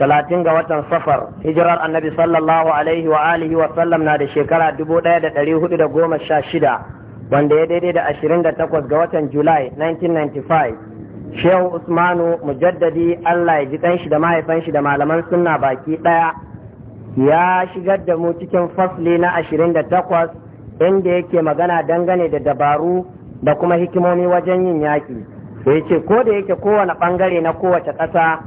talatin ga watan safar hijirar annabi sallallahu alaihi wa alihi wa sallam na da shekara dubu ɗaya da ɗari hudu da goma sha shida wanda ya daidai da ashirin da takwas ga watan julai 1995 shehu usmanu mujaddadi allah ya ji ɗan shi da mahaifan shi da malaman sunna baki ɗaya ya shigar da mu cikin fasli na ashirin da takwas inda yake magana dangane da dabaru da kuma hikimomi wajen yin yaƙi da ya ko da yake kowane ɓangare na kowace ƙasa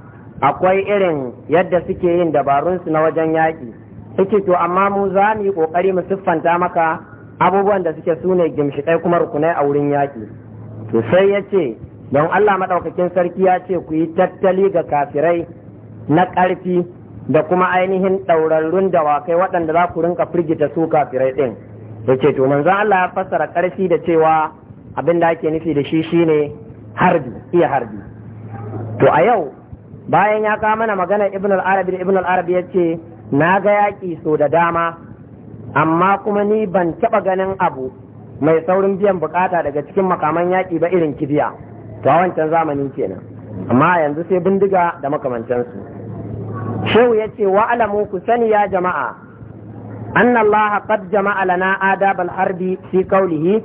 akwai irin yadda suke yin dabarunsu na wajen yaƙi suke to amma mu za mu yi ƙoƙari mu siffanta maka abubuwan da suke su ne gimshiƙai kuma rukunai a wurin yaƙi to sai ya ce don Allah maɗaukakin sarki ya ce ku yi tattali ga kafirai na ƙarfi da kuma ainihin ɗaurarrun dawakai waɗanda za ku rinka firgita su kafirai ɗin ya ce to manzo Allah ya fassara ƙarfi da cewa abin da ake nufi da shi shine harbi iya harbi to a yau bayan ya kawo mana magana ibn al-arabi ibn al-arabi yace na ga yaki so da dama amma kuma ni ban taba ganin abu mai saurin biyan bukata daga cikin makaman yaki ba irin kibiya to a wancan zamanin kenan amma yanzu sai bindiga da su shehu yace wa alamu ku sani ya jama'a anna allaha qad jama'a lana adabal harbi fi qawlihi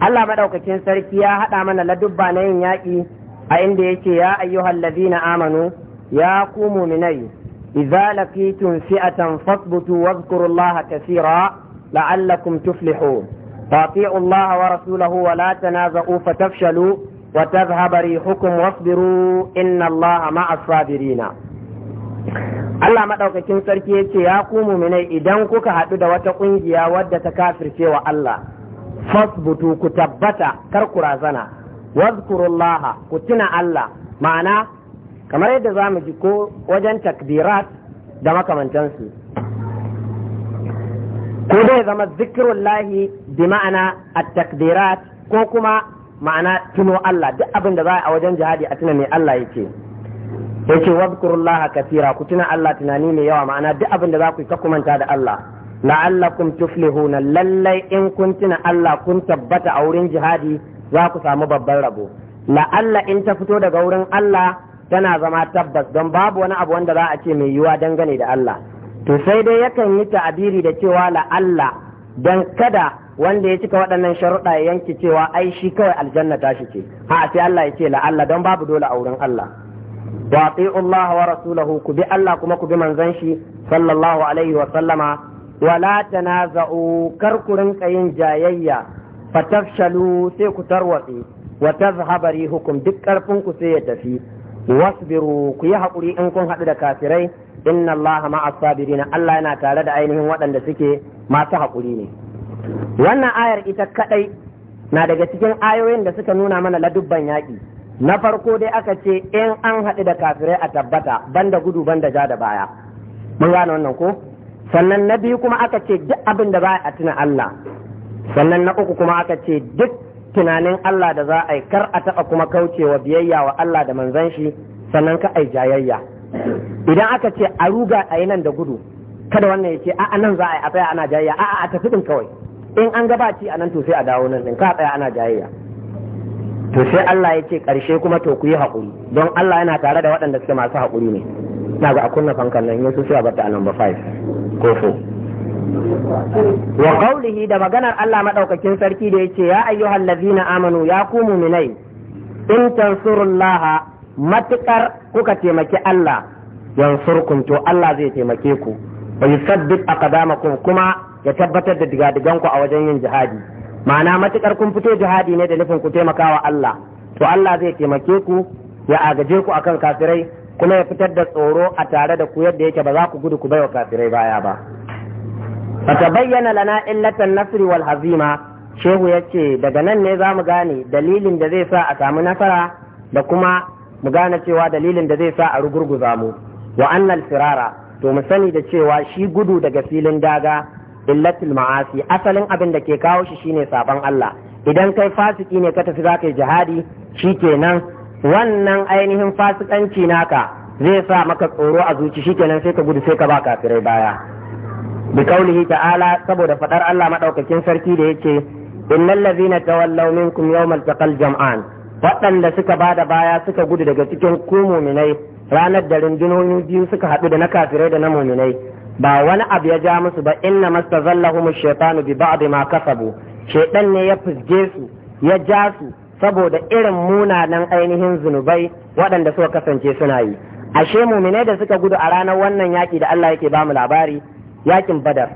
Allah madaukakin sarki ya hada mana ladubba na yin yaki a inda yake ya ayyuhal ladina amanu ya ku muminai idza laqitum fi'atan fasbutu wadhkurullaha kaseera la'allakum tuflihun فاطيعوا الله ورسوله ولا تنازعوا فتفشلوا وتذهب ريحكم واصبروا إن الله مع الصابرين Allah maɗaukakin sarki yace ya ku muminai idan kuka haɗu da wata ƙungiya wadda ta kafirce wa Allah fasbutu ku tabbata kar ku razana wazkurullaha ku tuna Allah ma'ana kamar yadda za mu ji ko wajen takbirat da makamantansu ko zai zama zikirullahi bi ma'ana a takbirat ko kuma ma'ana tuno Allah duk abin da za a wajen jihadi a tuna mai Allah yake yace wazkurullaha kafira ku tuna Allah tunani mai yawa ma'ana duk abin da za ku yi ta kumanta da Allah la'allakum tuflihuna lallai in kun tuna Allah kun tabbata a wurin jihadi za ku samu babban rabo la'alla in ta fito daga wurin Allah tana zama tabbas don babu wani abu wanda za a ce mai yiwuwa dangane da Allah to sai dai yakan yi ta'abiri da cewa la'alla don kada wanda ya cika waɗannan sharuɗa ya yanke cewa ai shi kawai aljanna ta shi ce ha sai Allah ya ce la'alla don babu dole a wurin Allah wa Allah wa rasulahu ku bi Allah kuma ku bi manzon shi sallallahu alaihi wa sallama wala tanaza'u kar ku rinka yin jayayya fatafshalu sai ku tarwatse wa tazhaba rihukum duk karfin ku sai ya tafi wasbiru ku yi hakuri in kun haɗu da kafirai inna allaha ma asabirina Allah yana tare da ainihin waɗanda suke masu hakuri ne wannan ayar ita kadai na daga cikin ayoyin da suka nuna mana ladubban yaƙi na farko dai aka ce in an haɗu da kafirai a tabbata banda gudu banda ja da baya mun gane wannan ko sannan na biyu kuma aka ce duk abin da baya a tuna Allah sannan na uku kuma aka ce duk tunanin Allah da za a yi kar a taɓa kuma kaucewa biyayya wa Allah da manzan shi sannan ka ai jayayya idan aka ce a ruga a yi nan da gudu kada wannan ya ce a'a nan za a yi a tsaya ana jayayya a'a a tafi ɗin kawai in an gabaci a nan to sai a dawo nan din ka tsaya ana jayayya to sai Allah ya ce ƙarshe kuma to ku yi haƙuri don Allah yana tare da waɗanda suke masu haƙuri ne na ga a kunna fankan nan yanzu sai a bata nan ba five ko four wa qawlihi da maganar Allah madaukakin sarki da yace ya ayyuhal ladzina amanu ya ku mu'minai in tansurullaha matukar kuka taimaki Allah yansurkum to Allah zai taimake ku wa yusaddid aqdamakum kuma ya tabbatar da digadigan ku a wajen yin jihadi ma'ana matukar kun fito jihadi ne da nufin ku taimakawa Allah to Allah zai taimake ku ya agaje ku akan kafirai kuma ya fitar da tsoro a tare da ku yadda yake ba za ku gudu ku baiwa kafirai baya ba فتبين لنا nasri wal hazima shehu ya ce daga nan ne za mu gane dalilin da zai sa a samu nasara da kuma mu gane cewa dalilin da zai sa a rugurguza mu wa annal firara to mu sani da cewa shi gudu daga filin daga illatul ma'asi asalin abin da ke kawo shi shine saban Allah idan kai fasiki ne ka tafi za ka yi jihadi shikenan wannan ainihin fasikanci naka zai sa maka tsoro a zuci shikenan sai ka gudu sai ka ba kafirai baya bi kaulihi ta'ala saboda fadar Allah madaukakin sarki da yake innal ladzina tawallaw minkum yawmal taqal jam'an waɗanda suka bada baya suka gudu daga cikin ku muminai ranar da rundunoyi biyu suka haɗu da na kafirai da na muminai ba wani abu ya ja musu ba inna mastazallahum ash-shaytanu bi ba'd ma kasabu shaytan ne ya fusge su ya ja su saboda irin munanan ainihin zunubai waɗanda suka kasance suna yi ashe muminai da suka gudu a ranar wannan yaki da Allah yake ba mu labari yakin badar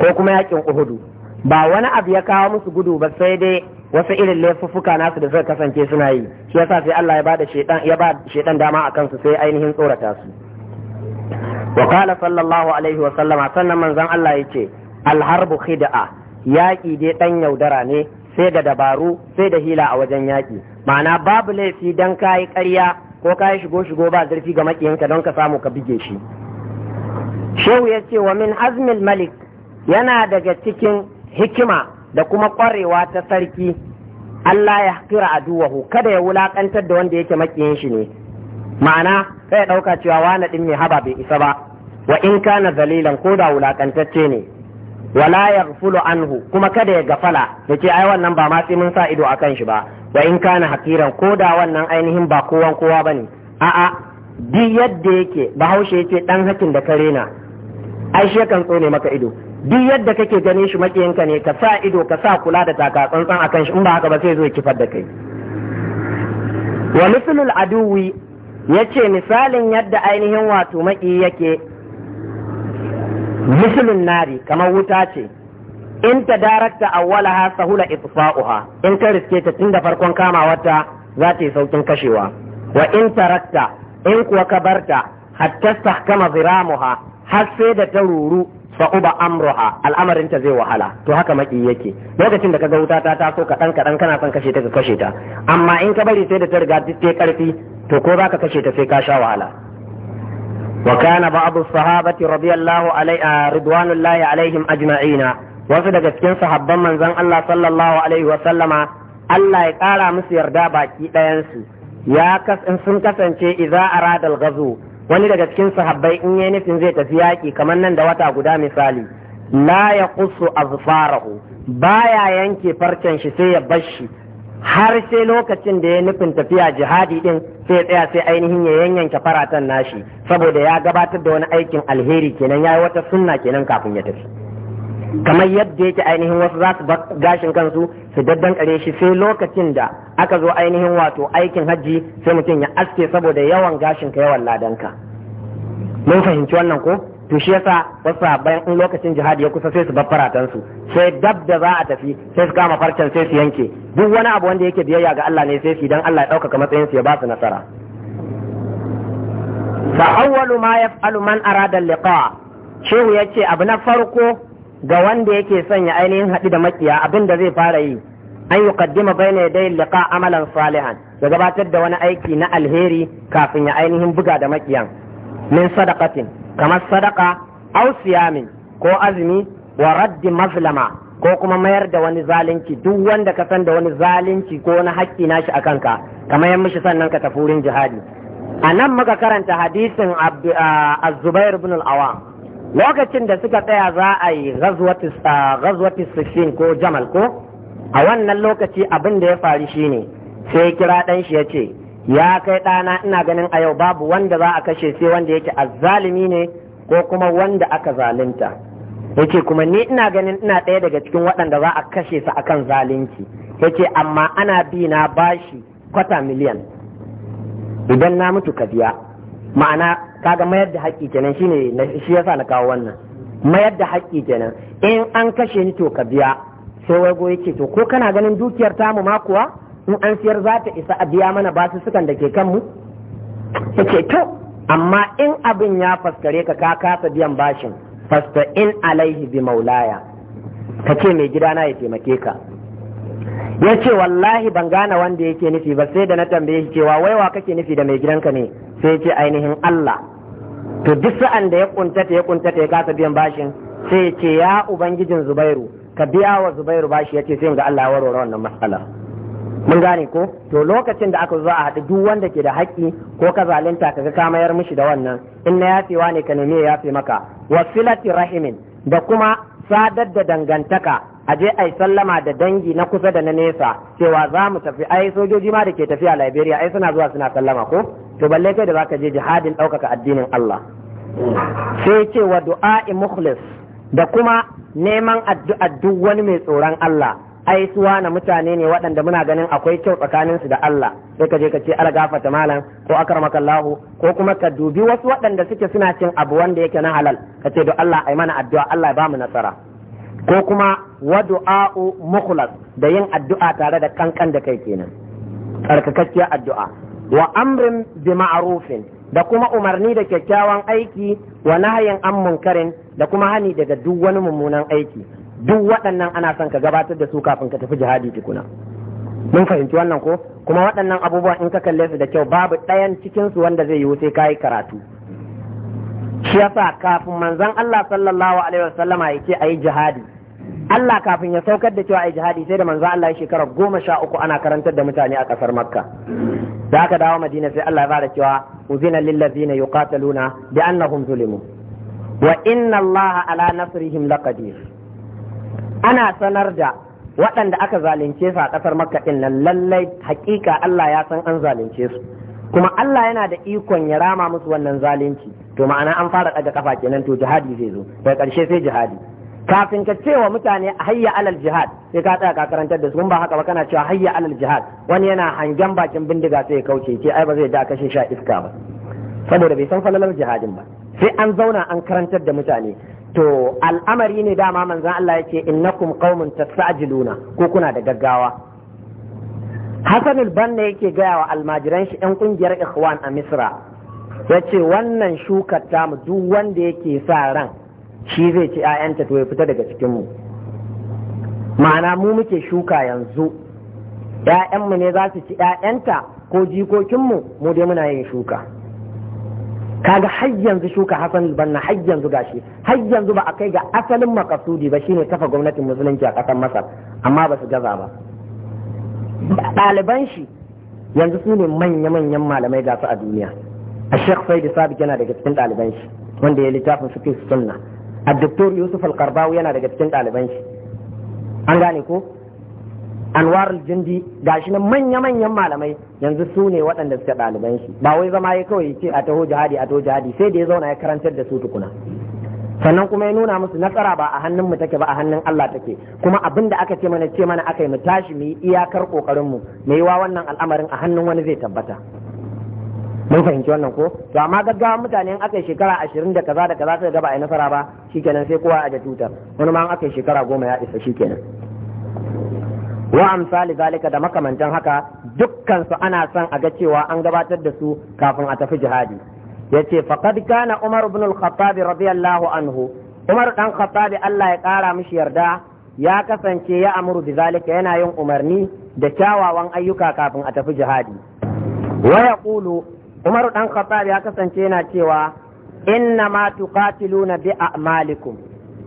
ko kuma yakin uhudu ba wani abu ya kawo musu gudu ba sai dai wasu irin laifuffuka nasu da suka kasance suna yi shi yasa sai Allah ya bada shedan ya ba shedan dama a kansu sai ainihin tsorata su wa qala sallallahu alaihi wa sallama sannan manzon Allah yace al harbu khida'a yaki dai dan yaudara ne sai da dabaru sai da hila a wajen yaki ma'ana babu laifi dan kai ƙarya ko kai shigo shigo ba zurfi ga makiyinka don ka samu ka bige shi shehu ya ce wa min azmil malik yana daga cikin hikima da kuma kwarewa ta sarki Allah ya kira aduwahu kada ya wulaƙantar da wanda yake makiyin shi ne ma'ana sai ya ɗauka cewa wani ɗin mai haba bai isa ba wa in kana zalilan ko da wulaƙantacce ne wala yaghfulu anhu kuma kada ya gafala yace ai wannan ba ma sai mun sa ido akan shi ba wa in kana hakiran ko da wannan ainihin ba kowan kowa bane a'a bi yadda yake bahaushe yace ɗan hakin da karena. ai shi yakan tsone maka ido duk yadda kake ganin shi makiyinka ne ka sa ido ka sa kula da taka tsantsan akan shi in ba haka ba sai zo kifar da kai wa mithlul aduwi yace misalin yadda ainihin wato maki yake mithlun nari kamar wuta ce in ta darakta awwalaha sahula itfa'uha in ka riske ta tun da farkon kamawarta za ta yi saukin kashewa wa in tarakta in kuwa ka barta hatta sahkama ziramuha har sai da ta ruru sa'uba amruha al'amarin ta zai wahala to haka maki yake lokacin da ka ga wuta ta taso kaɗan kaɗan kana son kashe ta ka kashe ta amma in ka bari sai da ta riga ta karfi to ko za ka kashe ta sai ka sha wahala wa kana ba'd as-sahabati radiyallahu alaiha ridwanullahi alaihim ajma'ina wasu daga cikin sahabban manzon Allah sallallahu alaihi wa sallama Allah ya kara musu yarda baki ɗayansu ya sun kasance idza arada al gazo. wani daga cikin sahabbai in yayi nufin zai tafi yaƙi kamar nan da wata guda misali la ya kusu azfarahu baya yanke farcen shi sai ya bar har sai lokacin da ya nufin tafiya jihadi din sai ya tsaya sai ainihin ya yanyanke faratan nashi saboda ya gabatar da wani aikin alheri kenan yayi wata sunna kenan kafin ya tafi kamar yadda yake ainihin wasu za su gashin kansu su daddan kare shi sai lokacin da aka zo ainihin wato aikin hajji sai mutum ya aske saboda yawan gashin ka yawan ladanka mun fahimci wannan ko to shi yasa wasu bayan in lokacin jihadi ya kusa sai su bar faratansu sai dab da za a tafi sai su kama farcen sai su yanke duk wani abu wanda yake biyayya ga Allah ne sai su dan Allah ya ɗaukaka matsayin su ya ba su nasara fa awwalu ma yaf'alu man arada liqa shehu yace abu na farko ga wanda yake son ya ainihin haɗi da makiya abin da zai fara yi an yi kaddima bai ne dai liƙa amalan salihan ya gabatar da wani aiki na alheri kafin ya ainihin buga da makiyan min sadaqatin kamar sadaka aw siyamin ko azumi wa raddi mazlama ko kuma mayar da wani zalunci duk wanda ka san da wani zalunci ko wani haƙƙi nashi a kanka kamar yan mishi sannan ka tafi wurin jihadi a nan muka karanta hadisin ah, az-zubair ibn al awam lokacin da suka tsaya za a yi ghazwati sifin ko jamal ko a wannan lokaci abin da ya faru shi ne, sai kira ɗan shi ya ce ya kai ɗana ina ganin a yau babu wanda za a kashe sai wanda yake azzalimi ne ko kuma wanda aka zalunta yace kuma ni ina ganin ina ɗaya daga cikin waɗanda za a kashe su akan zalunci yace amma ana bi na bashi kwata miliyan idan na mutu ka biya ma'ana kaga mayar da haƙƙi kenan shine shi yasa na kawo wannan mayar da haƙƙi kenan in an kashe ni to ka biya sai wago yake to ko kana ganin dukiyar tamu ma kuwa in an siyar za ta isa a biya mana basu sukan da ke kanmu yake to amma in abin ya faskare ka ka kasa biyan bashin fasta in alaihi bi maulaya ka ce mai gidana ya taimake ka ya ce wallahi ban gane wanda yake nufi ba sai da na tambaye shi cewa wai wa kake nufi da mai gidanka ne sai yace ce ainihin Allah to duk sa'an da ya kuntata ya kuntata ya kasa biyan bashin sai ya ce ya ubangijin Zubairu ka biya wa Zubairu bashi ya ce sai ga Allah ya warware wannan matsala mun gane ko to lokacin da aka zo a haɗu duk wanda ke da haƙƙi ko ka zalunta kaga ka mayar mishi da wannan in na wa ne ka nemi ya yafe maka wasilati rahimin da kuma sadar da dangantaka a je ai sallama da dangi na kusa da na nesa cewa za mu tafi ai sojoji ma da ke tafiya Liberia ai suna zuwa suna sallama ko to balle kai da zaka je jihadin ɗaukaka addinin Allah sai cewa du'a'i mukhlis da kuma neman addu'a duk wani mai tsoron Allah ai suwa na mutane ne waɗanda muna ganin akwai kyau tsakanin su da Allah sai ka je ka ce algafata malam ko akarmakallahu ko kuma ka dubi wasu waɗanda suke suna cin abu wanda yake na halal ka ce do Allah ai mana addu'a Allah ya bamu nasara ko kuma wadu'a'u du'a'u mukhlas da yin addu'a tare da kankan da kai kenan tsarkakakkiyar addu'a wa amrin bi ma'rufin da kuma umarni da kyakkyawan aiki wa nahyin an munkarin da kuma hani daga duk wani mummunan aiki duk waɗannan ana son ka gabatar da su kafin ka tafi jihadi tukuna mun fahimci wannan ko kuma waɗannan abubuwan in ka kalle su da kyau babu ɗayan cikin su wanda zai yiwu sai kayi karatu shi yasa kafin manzon Allah sallallahu alaihi wasallama ya ce ayi jihadi Allah kafin ya saukar da cewa a jihadi sai da manzo Allah ya shekara goma sha uku ana karantar da mutane a kasar Makka. Da aka dawo Madina sai Allah ya fara cewa uzina lillazina yuqataluna bi annahum zulimu wa inna Allah ala nasrihim laqadir. Ana sanar da waɗanda aka zalunce su a kasar Makka din nan lallai haƙiƙa Allah ya san an zalunce su. Kuma Allah yana da ikon ya rama musu wannan zalunci. To ma'ana an fara daga kafa kenan to jihadi zai zo. Daga ƙarshe sai jihadi. kafin ka cewa mutane hayya alal jihad sai ka tsaya ka karantar da su ba haka ba kana cewa hayya alal jihad wani yana hangen bakin bindiga sai ya kauce ce ai ba zai da kashe sha iska ba saboda bai san falalar jihadin ba sai an zauna an karantar da mutane to al'amari ne dama manzon Allah yake innakum qaumun tasajiluna ko kuna da gaggawa Hassan al-Banna yake gaya wa almajiran shi yan kungiyar Ikhwan a Misra yace wannan shukar tamu duk wanda yake sa ran shi zai ci 'ya'yanta to ya fita daga cikinmu ma'ana mu muke shuka yanzu 'ya'yanmu ne za su ci 'ya'yanta ko jikokinmu mu dai muna yin shuka kaga har yanzu shuka hasan banna har yanzu gashi har yanzu ba a kai ga asalin makasudi ba shine kafa gwamnatin musulunci a ƙasar masar amma ba su gaza ba ɗaliban shi yanzu su ne manya-manyan malamai gasu a duniya a sheikh saidi sabik yana daga cikin ɗaliban shi wanda ya littafin suke sunna الدكتور يوسف القرباوي yana daga cikin ɗaliban shi an gane ko anwar jindi gashi nan manya-manyan malamai yanzu su ne waɗanda suke ɗaliban shi ba wai zama ya kawai ce a taho jihadi a taho jihadi sai da ya zauna ya karantar da su tukuna sannan kuma ya nuna musu nasara ba a hannun mu take ba a hannun Allah take kuma abin da aka ce mana ce mana aka mu tashi mu yi iyakar kokarin mu yi wa wannan al'amarin a hannun wani zai tabbata mun fahimci wannan ko to amma gaggawa mutane in aka yi shekara ashirin da kaza da kaza suka gaba a yi nasara ba shikenan sai kowa a da tutar wani ma in aka yi shekara goma ya isa shikenan wa amsali zalika da makamantan haka dukkan su ana son a ga cewa an gabatar da su kafin a tafi jihadi yace faqad kana umar ibn al-khattab radiyallahu anhu umar dan khattab Allah ya kara mishi yarda ya kasance ya amuru bi zalika yana yin umarni da kyawawan ayyuka kafin a tafi jihadi wa yaqulu Umaru ɗan Khattab ya kasance yana cewa inna ma tuqatiluna bi a'malikum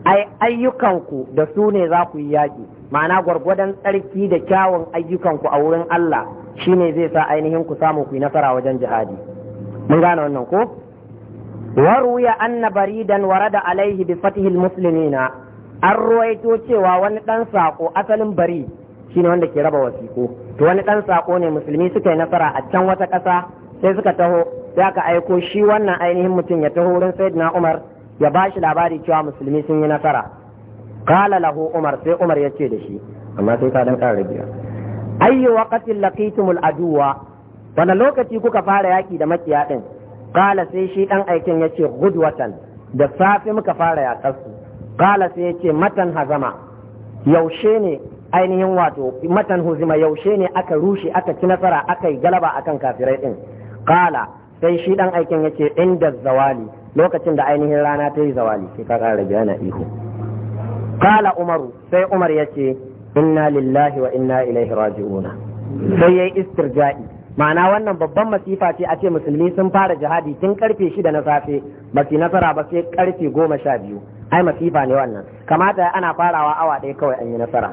ai ayyukanku da su ne za ku yi yaƙi ma'ana gwargwadon tsarki da kyawun ayyukanku a wurin Allah shine zai sa ainihin ku samu ku yi nasara wajen jihadi mun gane wannan ko waruya anna baridan warada alaihi bi fatihi almuslimina an ruwaito cewa wani dan sako asalin bari shine wanda ke raba wasiko to wani dan sako ne musulmi suka yi nasara a can wata ƙasa sai suka taho sai aka aiko shi wannan ainihin mutum ya taho wurin na Umar ya ba shi labari cewa musulmi sun yi nasara Kala lahu Umar sai Umar ya ce da shi amma sai ka dan ƙara rabiya ayyu waqatin laqitumul aduwa wani lokaci kuka fara yaki da makiya din kala sai shi dan aikin ya ce gudwatan da safe muka fara yakarsu kala sai ya ce matan hazama yaushe ne ainihin wato matan huzima yaushe ne aka rushe aka ci nasara aka yi galaba akan kafirai din qala sai shi dan aikin yace inda zawali lokacin da ainihin rana ta yi zawali sai ka kara yana ihu kala umaru sai umar yace inna lillahi wa inna ilaihi raji'una sai yayi istirja'i ma'ana wannan babban masifa ce a ce musulmi sun fara jihadi tun karfe shida na safe ba su nasara ba sai karfe goma sha biyu ai masifa ne wannan kamata ana farawa awa ɗaya kawai an yi nasara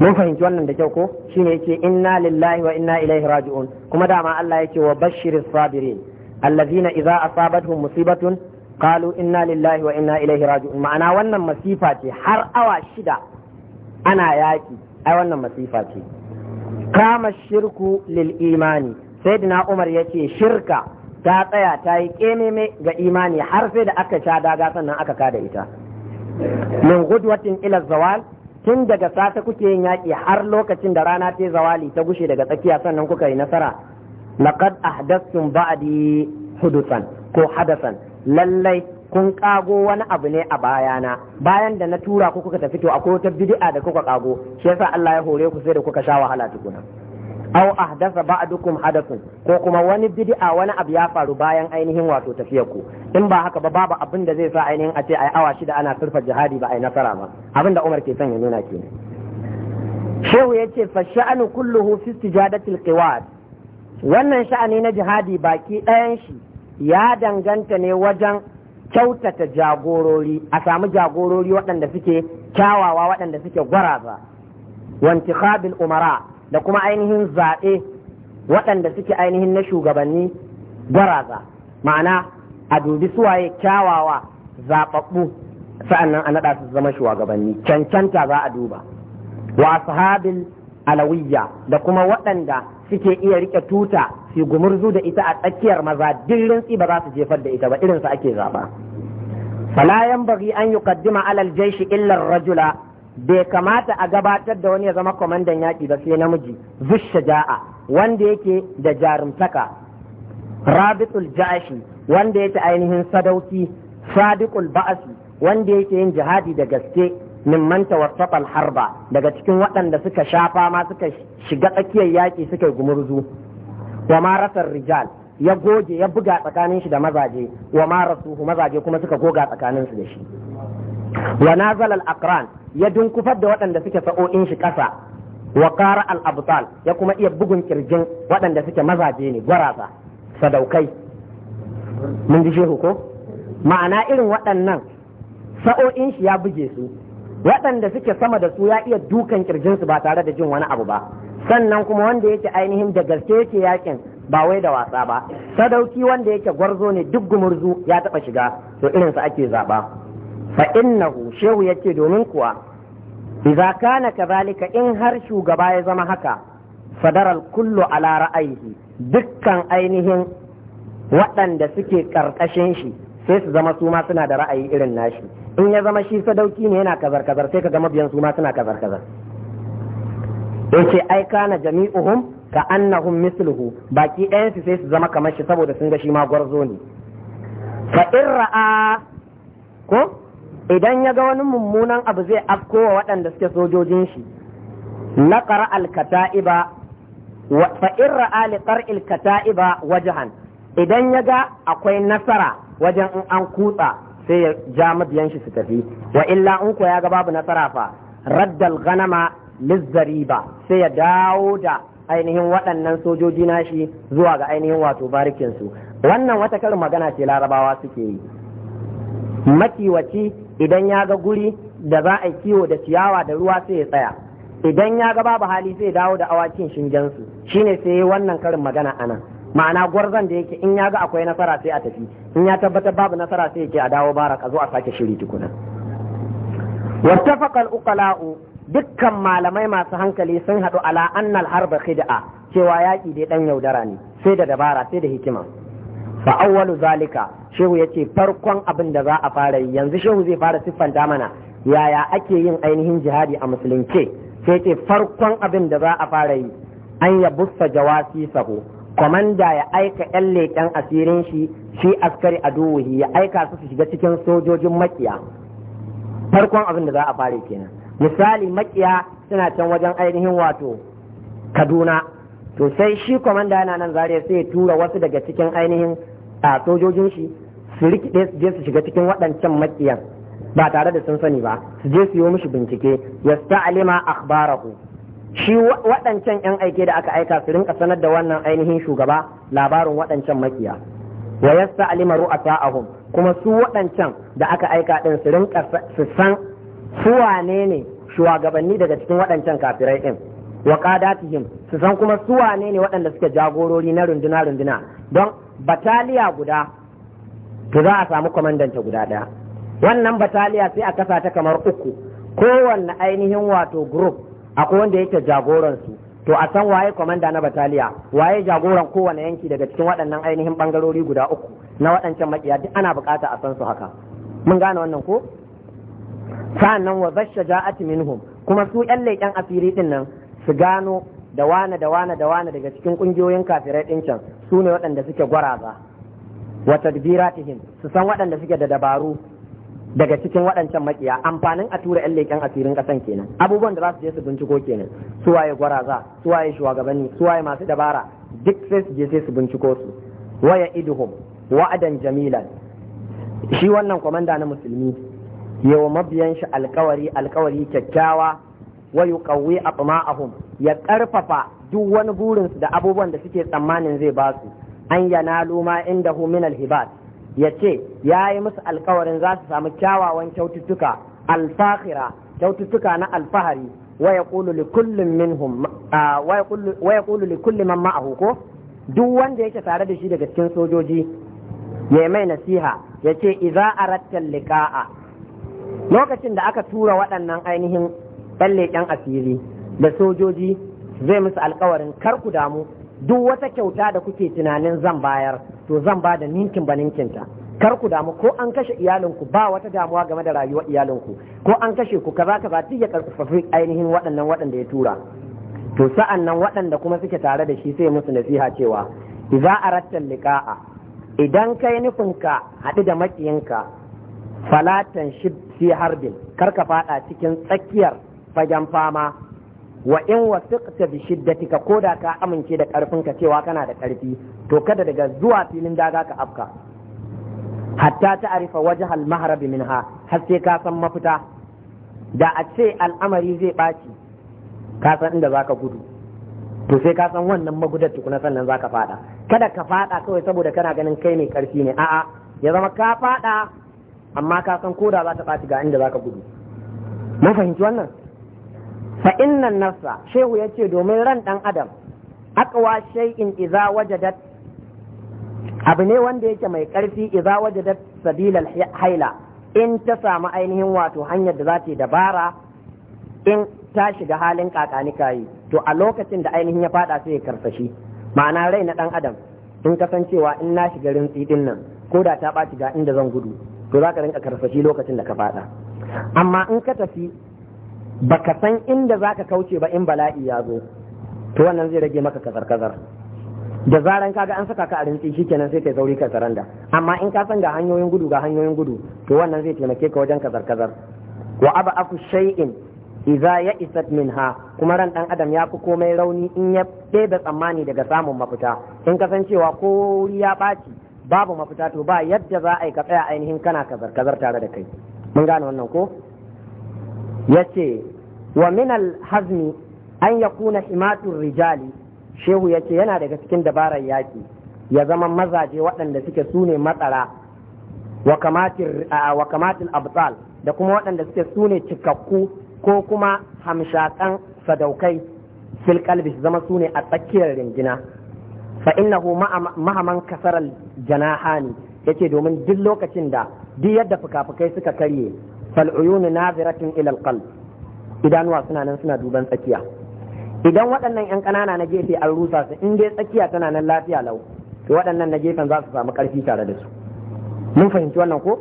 mun fahimci wannan da kyau ko shine yake inna lillahi wa inna ilaihi raji'un kuma dama Allah yake wa bashiris sabirin allazina idza asabatuhum musibatun qalu inna lillahi wa inna ilaihi raji'un ma'ana wannan masifa ce har awa shida ana yaki ai wannan masifa ce kama shirku lil imani sayyidina Umar yace shirka ta tsaya ta yi kememe ga imani har sai da aka sha daga sannan aka kada ita min gudwatin ila zawal tun daga sata kuke yin yaƙi har lokacin da rana ta zawali ta gushe daga tsakiya sannan kuka yi nasara laqad ahdathtum ba'di hudusan ko hadasan lallai kun ƙago wani abu ne a bayana bayan da na tura ku kuka tafi to akwai wata bid'a da kuka ƙago, shi yasa Allah ya hore ku sai da kuka sha wahala tukuna aw ahdasa ba'dukum hadathun ko kuma wani bid'a wani abu ya faru bayan ainihin wato tafiyar ku in ba haka ba babu abin da zai sa ainihin a ce ai awa shida ana surfa jihadi ba ai nasara ba abin da Umar ke son ya nuna ke Shehu ya ce fa sha'anu kulluhu fi istijadatil qiwad wannan sha'ani na jihadi baki ɗayan shi ya danganta ne wajen kyautata jagorori a samu jagorori waɗanda suke kyawawa waɗanda suke gwaraza wanti umara da kuma ainihin zaɓe waɗanda suke ainihin na shugabanni gwaraza ma'ana a dubi suwaye kyawawa zaɓaɓɓu sa'annan a naɗa su zama shugabanni cancanta za a duba wa sahabil alawiyya da kuma waɗanda suke iya rike tuta su gumurzu da ita a tsakiyar maza dillin ba za su jefar da ita ba irinsa ake zaɓa fala yan bari an yuqaddima alal jaishi rajula bai kamata a gabatar da wani ya zama kwamandan yaƙi ba sai namiji Ja'a wanda yake da jarumtaka rabitul jashi wanda yake ainihin sadauki sadiqul ba'asi wanda yake yin jihadi da gaske manta tawassafal harba daga cikin waɗanda suka shafa ma suka shiga tsakiyar yaƙi suka yi gumurzu wa marasar rijal ya goge ya buga tsakanin shi da mazaje wa marasu mazaje kuma suka goga tsakanin su da shi wa nazal al aqran ya dunkufar da waɗanda suke sa'o'in shi ƙasa wa ƙara al ya kuma iya bugun kirjin waɗanda suke mazaje ne gwaraza sadaukai mun ji shehu ko ma'ana irin waɗannan sa'o'in shi ya buge su waɗanda suke sama da su ya iya dukan kirjinsu ba tare da jin wani abu ba sannan kuma wanda yake ainihin da gaske yake yakin ba wai da wasa ba sadauki wanda yake gwarzo ne duk gumurzu ya taɓa shiga to irinsa ake zaɓa fa'innahu innahu shehu ce domin kuwa idza kana kazalika in har shugaba ya zama haka fadaral kullu ala ra'ayihi dukkan ainihin waɗanda suke ƙarƙashin shi sai su zama su ma suna da ra'ayi irin nashi in ya zama shi sadauki ne yana kazar kazar sai ka ga mabiyan su ma suna kazar kazar yace ai kana jami'uhum ka annahum misluhu baki ɗayansu sai su zama kamar shi saboda sun ga shi ma gwarzo ne fa in ra'a ko idan ya ga wani mummunan abu zai afko wa waɗanda suke sojojin shi na ƙara alkata'iba fa in ra'a li qar'il idan ya ga akwai nasara wajen in an kutsa sai ya ja mabiyan shi su tafi wa illa in ko ya ga babu nasara fa raddal ghanama lizzariba sai ya dawo da ainihin waɗannan sojoji nashi zuwa ga ainihin wato barikinsu wannan wata karin magana ce larabawa suke yi makiwaci idan ya ga guri da za a kiwo da ciyawa da ruwa sai ya tsaya idan ya ga babu hali sai dawo da awakin shingen shingensu shine sai wannan karin magana anan ma'ana gwarzon da yake in ya ga akwai nasara sai a tafi in ya tabbatar babu nasara sai yake a dawo bara ka zo a sake shiri tukuna wattafaqal uqala'u dukkan malamai masu hankali sun haɗu ala annal harba khid'a cewa yaki dai dan yaudara ne sai da dabara sai da hikima fa awwalu zalika shehu yace farkon abin da za a fara yi yanzu shehu zai fara siffanta mana yaya ake yin ainihin jihadi a musulunce sai ce farkon abin da za a fara yi an ya bussa jawasi sahu kwamanda ya aika yan leƙen asirin shi shi askari a ya aika su su shiga cikin sojojin makiya farkon abin da za a fara kenan misali makiya suna can wajen ainihin wato kaduna to sai shi kwamanda yana nan zariya sai ya tura wasu daga cikin ainihin a sojojin shi su rikide su je su shiga cikin waɗancan makiyan ba tare da sun sani ba su je su yi mishi bincike ya alima akhbarahu shi waɗancan yan aike da aka aika su rinka sanar da wannan ainihin shugaba labarin waɗancan makiya wa alima ru'asa'ahum kuma su waɗancan da aka aika din su rinka su san su wane ne shugabanni daga cikin waɗancan kafirai din wa qadatihim su san kuma su wane ne waɗanda suke jagorori na runduna runduna don bataliya guda to za a samu kwamandanta guda daya wannan bataliya sai a kasa ta kamar uku kowanne ainihin wato group akwai wanda yake jagoransu to a san waye kwamanda na bataliya waye jagoran kowane yanki daga cikin waɗannan ainihin bangarori guda uku na waɗancan makiya duk ana buƙata a san su haka mun gane wannan ko sa'annan wa zashaja'ati minhum kuma su ƴan leƙen asiri ɗin nan su gano da wane da wane da wane daga cikin kungiyoyin kafirai din can su ne waɗanda suke gwaraza wa tadbiratihim su san waɗanda suke da dabaru daga cikin waɗancan makiya amfanin a tura yan leƙen asirin ƙasan kenan abubuwan da za su je su binciko kenan su waye gwaraza su waye shugabanni su waye masu dabara duk sai su je sai su binciko su waya idhum wa'adan jamilan shi wannan kwamanda na musulmi yawa mabiyan shi alkawari alkawari kyakkyawa wa yuqawwi atma'ahum ya ƙarfafa duk wani burinsu da abubuwan da suke tsammanin zai ba su an yanalu ma indahu min alhibat yace yayi musu alkawarin za su samu kyawawan kyaututtuka alfakhira kyaututtuka na alfahari wa yaqulu li kullin ma'ahu ko duk wanda yake tare da shi daga cikin sojoji ya mai nasiha yace a aratta liqa'a lokacin da aka tura waɗannan ainihin ɗan leƙen asiri da sojoji zai musu alkawarin kar ku damu duk wata kyauta da kuke tunanin zan bayar to zan ba da ninkin ba ninkinta kar ku damu ko an kashe iyalinku ba wata damuwa game da rayuwar iyalinku ko an kashe ku kaza kaza duk ya karfafi ainihin waɗannan waɗanda ya tura to sa'an nan waɗanda kuma suke tare da shi sai musu nasiha cewa idza aratta liqa'a idan kai nufin ka haɗu da makiyinka falatan shib fi harbin kar ka faɗa cikin tsakiyar fagen fama wa in wasiqta bi shiddatika koda ka amince da karfinka cewa kana da karfi to kada daga zuwa filin daga ka afka hatta ta arifa wajhal maharabi minha har sai ka san mafita da a ce al'amari zai ɓaci ka san inda zaka gudu to sai ka san wannan magudar tukuna sannan zaka fada kada ka fada kawai saboda kana ganin kai mai karfi ne a'a ya zama ka fada amma ka san koda za ta ɓaci ga inda zaka gudu mun fahimci wannan fa innan nafsa shehu ya ce domin ran ɗan adam aqwa shay'in idza wajadat abu ne wanda yake mai ƙarfi idza wajadat sabilal haila in ta samu ainihin wato hanyar da za ta yi dabara in ta shiga halin kakani kayi to a lokacin da ainihin ya fada sai ya karsashi ma'ana rai na ɗan adam in kasancewa in na shiga rintsi din nan ko da ta ɓaci ga inda zan gudu to za ka rinka karsashi lokacin da ka fada amma in ka tafi baka san inda za ka kauce ba in bala'i ya zo to wannan zai rage maka kazar kazar da zaran kaga an saka ka a rintsi shikenan sai kai sauri ka saranda amma in ka san ga hanyoyin gudu ga hanyoyin gudu to wannan zai taimake ka wajen kazar kazar wa aba aku shay'in idza ya isat minha kuma ran dan adam ya fi komai rauni in ya da tsammani daga samun mafita in ka san cewa ko ya baci babu mafita to ba yadda za a yi ka tsaya ainihin kana kazar kazar tare da kai mun gane wannan ko yace wa min hazmi an ya kuna himatun rijali shehu yace yana daga cikin dabarar yaƙi. ya zama mazaje waɗanda suke sune matsara wa kamatin abtsal da kuma waɗanda suke sune cikakku ko kuma hamshakan sadaukai fil kalbi zama sune a tsakiyar rindina fa innahu mahaman ne. janahani yace domin duk lokacin da duk yadda fuka suka karye fal'uyunu naziratin ila alqalb idanuwa suna nan suna duban tsakiya idan waɗannan yan ƙanana na gefe an rusa su in tsakiya tana nan lafiya lau to waɗannan na gefen za su samu ƙarfi tare da su mun fahimci wannan ko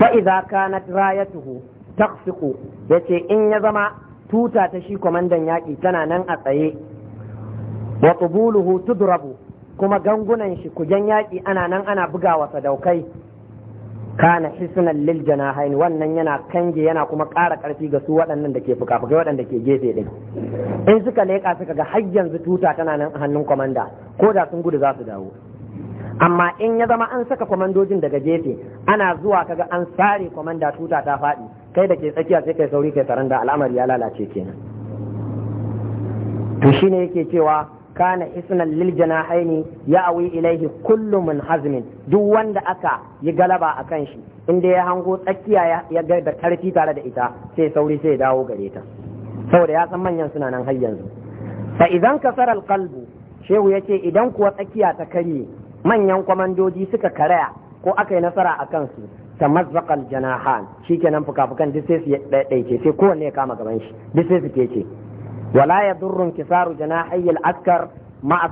fa idza kanat rayatuhu taqfiqu yace in ya zama tuta ta shi kwamandan yaƙi tana nan a tsaye wa tubuluhu tudrabu kuma gangunan shi kujen yaƙi ana nan ana buga wa sadaukai kana hisnan lil janahain wannan yana kange yana kuma ƙara ƙarfi ga su waɗannan da ke fuka-fukai waɗanda ke gefe ɗin in suka leƙa suka ga har yanzu tuta tana nan hannun kwamanda ko da sun gudu za su dawo amma in ya zama an saka kwamandojin daga gefe ana zuwa kaga an sare kwamanda tuta ta faɗi kai da ke tsakiya sai kai sauri kai saranda al'amari ya lalace kenan to shine yake cewa kana isnan lil janahaini ya awi ilaihi kullu min hazmin duk wanda aka yi galaba a kan shi inda ya hango tsakiya ya ga da karfi tare da ita sai sauri sai dawo gare ta saboda ya san manyan suna nan har yanzu fa idan kasar alqalbu shehu yace idan kuwa tsakiya ta karye manyan kwamandoji suka karaya ko aka yi nasara a kansu tamazzaqal janahan shikenan fuka-fukan duk sai su ɗaiɗaice sai kowanne ya kama gaban shi duk sai su kece wala يضر انكسار جناحي al-askar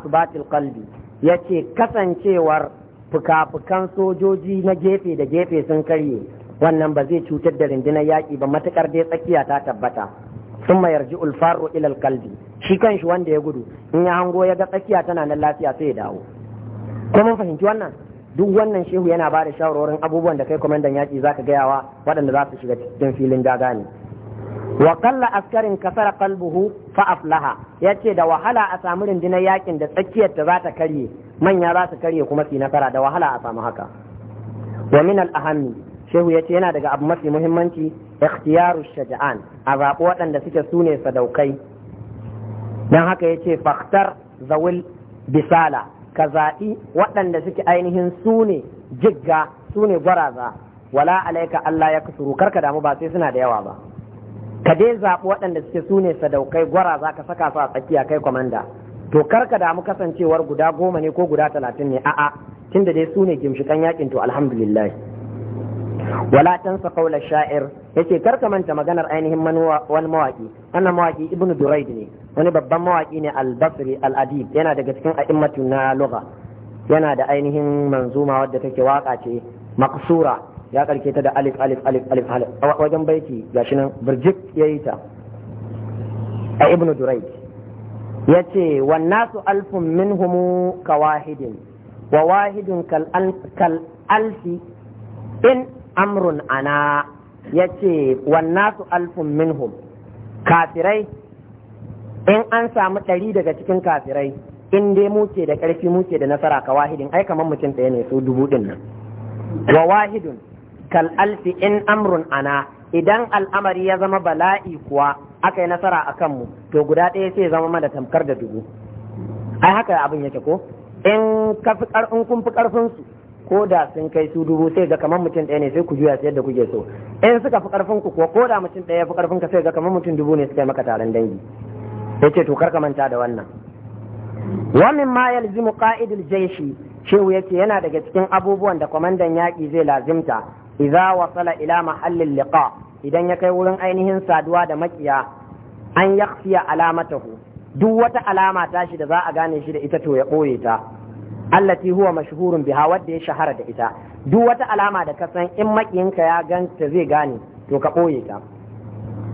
ثبات القلب ya yace kasancewar fuka-fukan sojoji na gefe da gefe sun karye wannan ba zai cutar da rundunar yaƙi ba matukar dai tsakiya ta tabbata sun yarji ulfaru ilal kalbi shi kanshi shi wanda ya gudu in ya hango ya ga tsakiya tana nan lafiya sai ya dawo ko mun fahimci wannan duk wannan shehu yana ba da shawarorin abubuwan da kai kwamandan yaƙi zaka ka gayawa waɗanda za su shiga cikin filin daga ne wa askarin kasara qalbuhu fa'aflaha aflaha yace da wahala a samu rundunar yaƙin da tsakiyar ta za ta karye manya za su karye kuma su nasara da wahala a samu haka wa al ahammi shehu yace yana daga abu mafi muhimmanci ikhtiyaru shaja'an a zaɓi waɗanda suke sune sadaukai dan haka yace fakhtar zawil bisala ka zaɓi waɗanda suke ainihin sune jigga sune gwaraza wala alaika Allah ya kusuru karka damu ba sai suna da yawa ba ka dai zaɓi waɗanda suke su ne sadaukai gwara za ka saka su a tsakiya kai kwamanda to kar ka damu kasancewar guda goma ne ko guda talatin ne a'a tun da dai su ne gimshikan yakin to alhamdulillah wala sa qawla sha'ir yace kar ka manta maganar ainihin wani mawaki wannan mawaki ibnu duraid ne wani babban mawaki ne al-basri al-adib yana daga cikin a'immatu na lugha yana da ainihin manzuma wadda take waka ce maqsura ya karke ta da alif alif alif alif a wajen baiti gashi nan birjik yi ta a ibnu durayd ce wan nasu alfun minhum wahidin? wa wahidin kal alfi in amrun ana Ya ce, wan nasu alfun minhum kafirai in an samu ɗari daga cikin kafirai in dai mu ce da ƙarfi mu ce da nasara ka wahidin ai kamar mutum ɗaya ne su dubu ɗin nan wa wahidun kal alfi in amrun ana idan al'amari ya zama bala'i kuwa aka yi nasara a kanmu to guda ɗaya sai zama mana tamkar da dubu ai haka abin yake ko in kun fi karfin su ko da sun kai su dubu sai ga kamar mutum ɗaya ne sai ku juya yadda kuke so in suka fi karfin ku ko da mutum ɗaya ya fi karfin ka sai ga kamar mutum dubu ne suka yi maka taron dangi yace to karka manta da wannan wa ma yalzimu qa'idul jayshi shehu yake yana daga cikin abubuwan da kwamandan yaƙi zai lazimta idza wasala ila mahallin liqa idan ya kai wurin ainihin saduwa da makiya an yakhfiya alamatahu duk wata alama tashi da za a gane shi da ita to ya ɓoye ta allati huwa mashhurun biha wadda ya shahara da ita duk wata alama da ka san in makiyinka ya ganta zai gane to ka ɓoye ta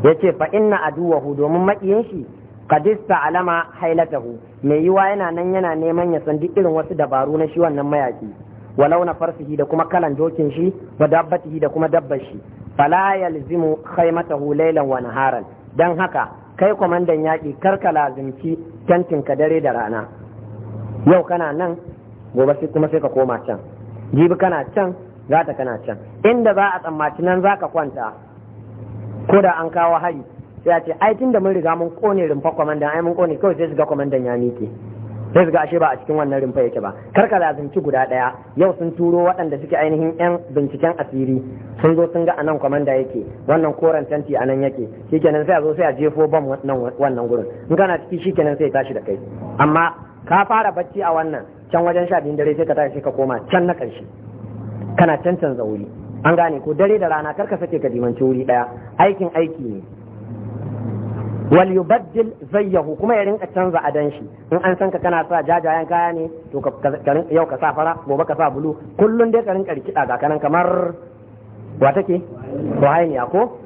yace fa inna aduwahu domin makiyin shi kadista alama hailatahu mai yiwa yana nan yana neman ya san duk irin wasu dabaru na shi wannan mayaki wa launa farsihi da kuma kalan dokin shi wa dabbatihi da kuma dabbar shi fala yalzimu khaymatahu laylan wa naharan dan haka kai kwamandan yaƙi karka lazimci tantin ka dare da rana yau kana nan gobe sai kuma sai ka koma can jibi kana can ta kana can inda za a tsammaci nan za ka kwanta ko da an kawo hari sai a ce ai tunda mun riga mun kone rumfa kwamandan ai mun kone kawai sai ga kwamandan ya miƙe sai su ashe ba a cikin wannan rumfa yake ba kar ka lazimci guda daya yau sun turo waɗanda suke ainihin yan binciken asiri sun zo sun ga anan kwamanda yake wannan koren tanti anan yake shikenan sai a zo sai a jefo bam wannan gurin in kana ciki shikenan sai tashi da kai amma ka fara bacci a wannan can wajen sha biyun dare sai ka tashi ka koma can na ƙarshe kana can canza wuri an gane ko dare da rana kar ka sake ka dimanci wuri daya aikin aiki ne wal yubaddil zayyahu kuma ya rinka canza adan shi in an san ka kana sa jajayen kaya ne to yau ka sa fara gobe ka sa bulu kullun dai ka rinka rikida ga kanan kamar wa take wahainiya ko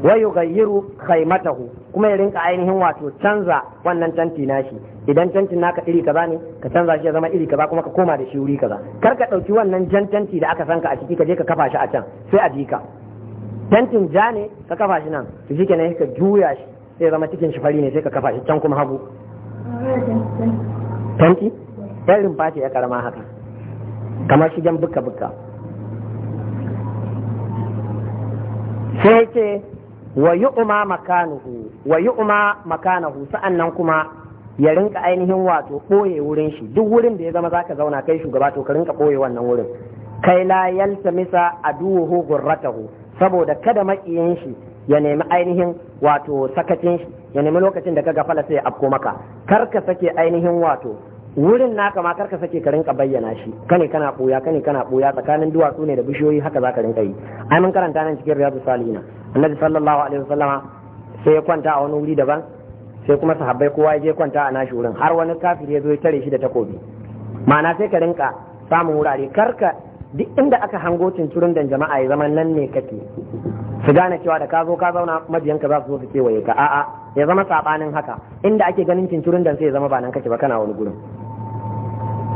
wa yughayyiru khaymatahu kuma ya rinka ainihin wato canza wannan tanti nashi idan tantin naka iri kaza ne ka canza shi ya zama iri kaza kuma ka koma da shi wuri kaza kar ka dauki wannan jan tanti da aka sanka a ciki ka je ka kafa shi a can sai a jika tantin ja ne ka kafa shi nan to shikenan ka juya shi sai zama cikin shi fari ne sai ka kafa shi can kuma hagu tanti yan rumfa ce ya karama haka kamar shigen buka-buka. sai ce wa yu'ma makanahu, wa yu'ma makanahu sa'annan kuma ya rinka ainihin wato ɓoye wurin shi duk wurin da ya zama zaka zauna kai shugaba to ka rinka ɓoye wannan wurin kai la yaltamisa aduhu gurratahu saboda kada maƙiyin shi ya nemi ainihin wato sakacin shi ya nemi lokacin da kaga fala sai ya afko maka kar ka sake ainihin wato wurin naka ma ka sake ka rinka bayyana shi kane kana boya kane kana boya tsakanin duwatsu ne da bishiyoyi haka zaka rinka yi ai mun karanta nan cikin riyadu salihina annabi sallallahu alaihi wasallama sai ya kwanta a wani wuri daban sai kuma sahabbai kowa ya je kwanta a nashi wurin har wani kafiri ya zo ya tare shi da takobi ma'ana sai ka rinka samun wurare karka duk inda aka hango tunturin da jama'a ya zama nan ne kake su gane cewa da ka zo ka zauna mabiyanka za su zo su kewaye ka a'a ya zama sabanin haka inda ake ganin cincirin dan sai ya zama ba nan kake ba kana wani gurin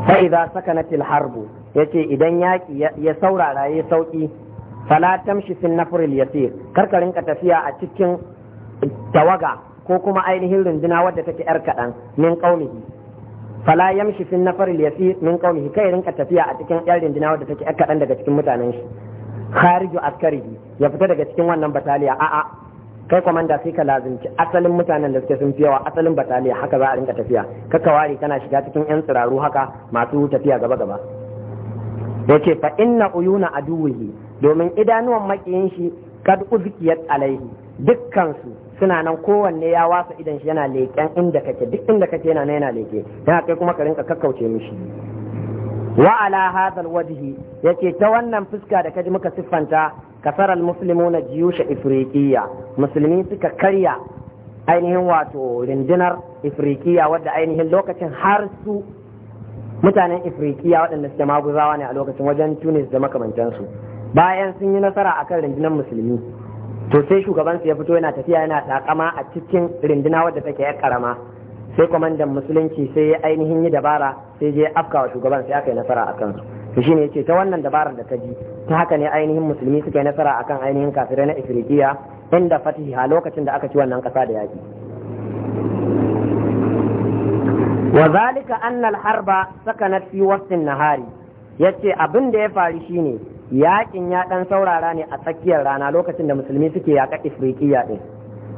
fa idza sakanatil harbu yace idan yaki ya saurara ya sauki fala tamshi fil nafril yasir karka rinka tafiya a cikin tawaga ko kuma ainihin runduna wadda take yar kadan min qaumihi fala yamshi fil nafril yasir min qaumihi kai rinka tafiya a cikin yar runduna wadda take yar kadan daga cikin mutanen shi khariju askarihi ya fita daga cikin wannan bataliya a'a kai komanda sai ka lazimci asalin mutanen da suke sun fi yawa asalin bataliya haka za a rinka tafiya kaka ware kana shiga cikin yan tsiraru haka masu tafiya gaba gaba ce fa inna uyuna aduwihi domin idanuwan makiyin shi kad uzkiyat alaihi dukkan su suna nan kowanne ya wasa idan shi yana leken inda kake duk inda kake yana yana leke yana kai kuma ka rinka kakkauce mishi wa ala hadal wajhi yace ta wannan fuska da kaji muka siffanta kasaral muslimuna jiyusha ifriqiya musulmi suka karya ainihin wato rindinar ifriqiya wadda ainihin lokacin har su mutanen ifriqiya waɗanda suke maguzawa ne a lokacin wajen tunis da makamantansu bayan sun yi nasara akan rindinar musulmi to sai shugabansu ya fito yana tafiya yana takama a cikin rindina wadda take yar karama sai kwamandan musulunci sai ya ainihin yi dabara sai je afka wa shugaban sai aka yi nasara a kansu to ya ce ta wannan dabarar da ta ji ta haka ne ainihin musulmi suka yi nasara akan ainihin kafirai na ifriqiya inda fatiha lokacin da aka ci wannan kasa da yaki Wazalika zalika harba sakanat fi na nahari yace abin da ya faru shine yakin ya dan saurara ne a tsakiyar rana lokacin da musulmi suke yaƙa ifriqiya din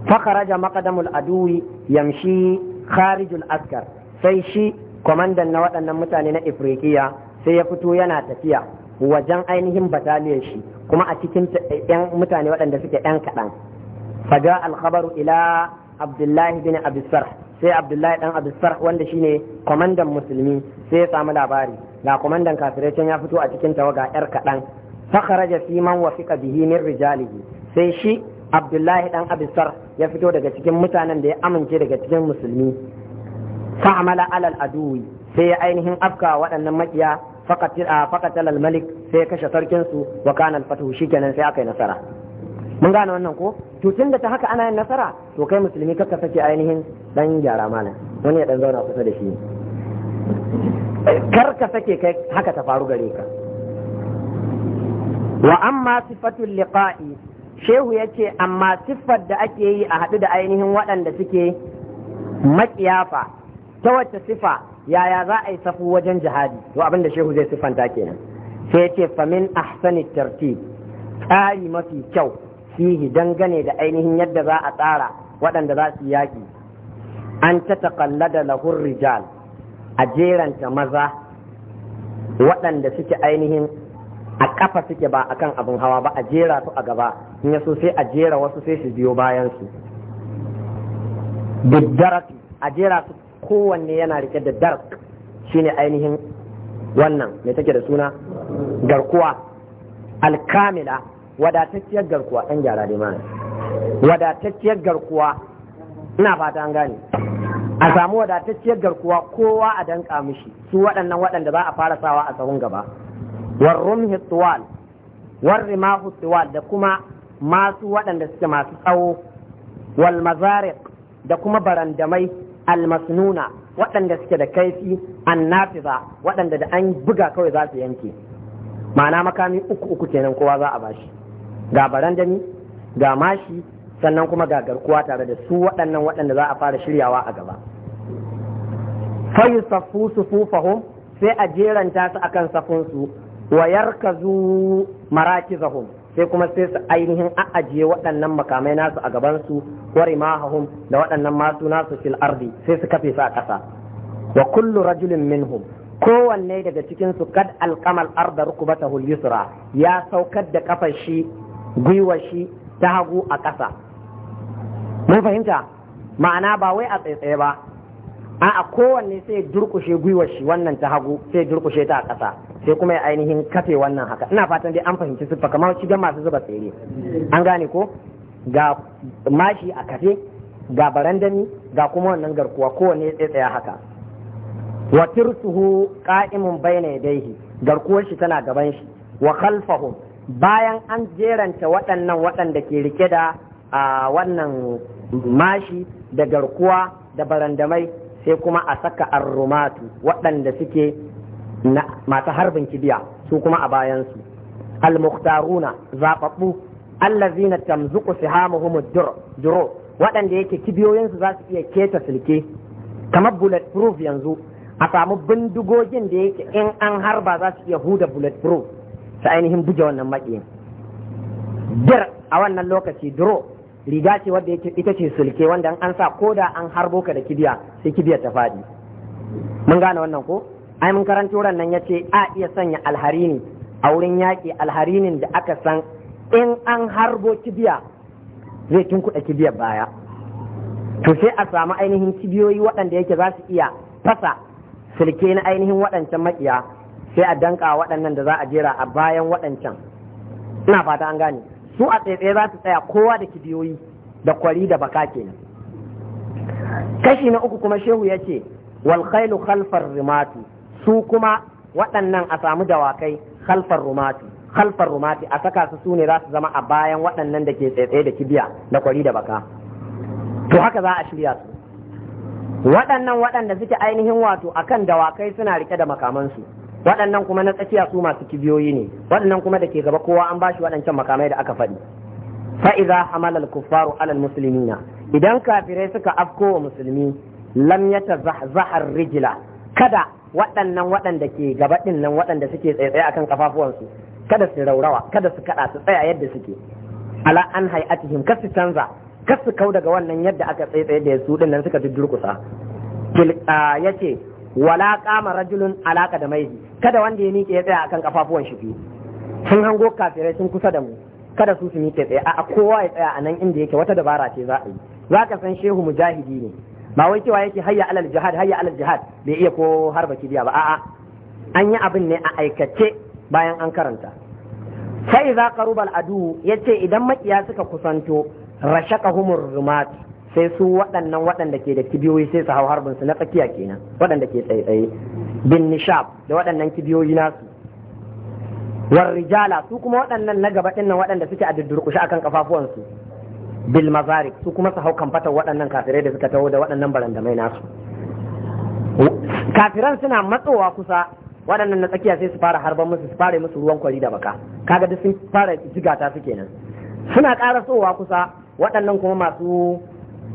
fakaraja maqdamul aduwi yamshi kharijul askar sai shi kwamandan na waɗannan mutane na ifriqiya sai ya fito yana tafiya wajen ainihin bataliyar shi kuma a cikin yan eh, mutane waɗanda suke yan kaɗan Faga alkhabaru ila abdullahi bin abisar sai abdullahi dan abisar wanda shine kwamandan musulmi sai ya samu labari ga kwamandan kafirai ya fito a cikin tawaga yar kaɗan fakharaja fi man wafiqa bihi min rijalihi sai shi abdullahi dan abisar ya fito daga cikin mutanen da ya amince daga cikin musulmi fa'amala alal aduwi sai ya ainihin afka waɗannan makiya faqatal al malik sai ya kashe sarkin su wa kana al fatu shikenan sai aka yi nasara mun gane wannan ko to da ta haka ana yin nasara to kai musulmi ka sake ainihin dan gyara mana wani ya dan zauna kusa da shi kar ka sake kai haka ta faru gare ka wa amma sifatul liqa'i shehu ya ce amma siffar da ake yi a haɗu da ainihin waɗanda suke maƙiyafa ta wacce siffa yaya za a yi safu wajen jihadi to abin da shehu zai siffanta kenan sai ya ce famin ahsani tartib tsari mafi kyau fihi dangane da ainihin yadda za a tsara waɗanda za su yaƙi an ta taƙallada lahur rijal a jeranta maza waɗanda suke ainihin a kafa suke ba akan abin hawa ba a jera su a gaba in yaso sai a jera wasu sai su biyo bayan su darasi a jera su kowanne yana rike da dark shine ainihin wannan mai take da suna garkuwa alkamila wadatacciyar garkuwa ɗan gyara da mana wadatacciyar garkuwa ina fata an gane a samu wadatacciyar garkuwa kowa a danka mishi su waɗannan waɗanda za a fara sawa a sahun gaba warrumhi tuwal warri mahu tuwal da kuma masu waɗanda suke masu tsawo wal mazariq da kuma barandamai almasnuna waɗanda suke da kaifi annafiza waɗanda da an buga kawai za su yanke ma'ana makami uku uku kenan kowa za a bashi ga barandami ga mashi sannan kuma ga garkuwa tare da su waɗannan waɗanda za a fara shiryawa a gaba fayu safu sufufahum sai a jeranta su akan safunsu wa yarkazu marakizahum sai kuma sai su ainihin a'ajiye waɗannan makamai nasu a gaban su wari mahahum da waɗannan masu nasu fil ardi sai su kafe su a ƙasa wa kullu rajulin minhum kowanne daga cikin su kad alqamal arda rukbatahu yusra ya saukar da kafar shi gwiwar shi ta hagu a ƙasa mun fahimta ma'ana ba wai a tsaitsaye ba A'a kowanne sai durkushe gwiwar shi wannan ta hagu sai durkushe ta a ƙasa sai kuma ya ainihin kafe wannan haka ina fatan dai an fahimci siffa kamar shigan masu zuba tsere an gane ko ga mashi a kafe ga barandami ga kuma wannan garkuwa kowane tsaya haka wa tirsuhu qa'imun bayna yadayhi garkuwar shi tana gaban shi wa khalfahum bayan an jeranta waɗannan waɗanda ke rike da wannan mashi da garkuwa da barandamai sai kuma a saka arrumatu waɗanda suke masu harbin kibiya su kuma a bayansu al-mukhtaruna zababbu allazina tamzuqu sihamuhum duro waɗanda yake kibiyoyinsu za su iya keta silke kamar bullet proof yanzu a samu bindigogin da yake in an harba za su iya huda bullet proof ta ainihin buge wannan maƙiyin dir a wannan lokaci duro riga ce wadda ita ce sulke wanda an sa ko da an harbo ka da kibiya sai kibiyar ta faɗi mun gane wannan ko ai mun karanto ran nan yace a iya sanya alharini a wurin yaki. alharinin da aka san in an harbo kibiya zai tunkuɗa kibiyar baya to sai a samu ainihin kibiyoyi waɗanda yake za su iya fasa silke na ainihin waɗancan maƙiya sai a danka waɗannan da za a jera a bayan waɗancan ina fata an gane su a tsaye za su tsaya kowa da kibiyoyi da kwari da baka kenan kashi na uku kuma shehu ya ce wal khailu khalfar rimatu su kuma waɗannan a samu dawakai khalfar rumati khalfar rumati a saka su sune za su zama a bayan waɗannan da ke tsaye da kibiya da kwari da baka to haka za a shirya su waɗannan waɗanda suke ainihin wato akan dawakai suna rike da makamansu waɗannan kuma na tsakiya su masu kibiyoyi ne waɗannan kuma da ke gaba kowa an bashi waɗancan makamai da aka faɗi fa'iza hamalal kuffaru alal na. idan kafirai suka afko wa musulmi lam yata zahar rijila kada waɗannan waɗanda ke gaba ɗin nan waɗanda suke tsaye akan kafafuwansu kada su raurawa kada su kaɗa su tsaya yadda suke ala an hay'atihim kas su canza kas su kau daga wannan yadda aka tsaye da su ɗin nan suka durkusa yace wala kama rajulun alaka da maihi kada wanda ya miƙe ya tsaya akan kafafuwan shi biyu sun hango kafirai sun kusa da mu kada su su miƙe tsaye a kowa ya tsaya anan inda yake wata dabara ce za a yi za ka san shehu mujahidi ne ba wai cewa yake hayya alal jihad hayya alal jihad bai iya ko harba kibiya ba a'a an yi abin ne a aikace bayan an karanta sai za qarubal adu yace idan makiya suka kusanto rashaqahumur rumat sai su waɗannan waɗanda ke da kibiyoyi sai su hau harbin su na tsakiya kenan waɗanda ke tsaye bin nishab da waɗannan kibiyoyi nasu war rijala su kuma waɗannan na gaba ɗin waɗanda suke a dudurkushe akan kafafuwansu bil mazarik su kuma su hau kamfatar waɗannan kafirai da suka taho da waɗannan barandamai nasu kafiran suna matsowa kusa waɗannan na tsakiya sai su fara harban musu su fara musu ruwan kwari da baka kaga duk sun fara jigata su kenan suna ƙarasowa kusa waɗannan kuma masu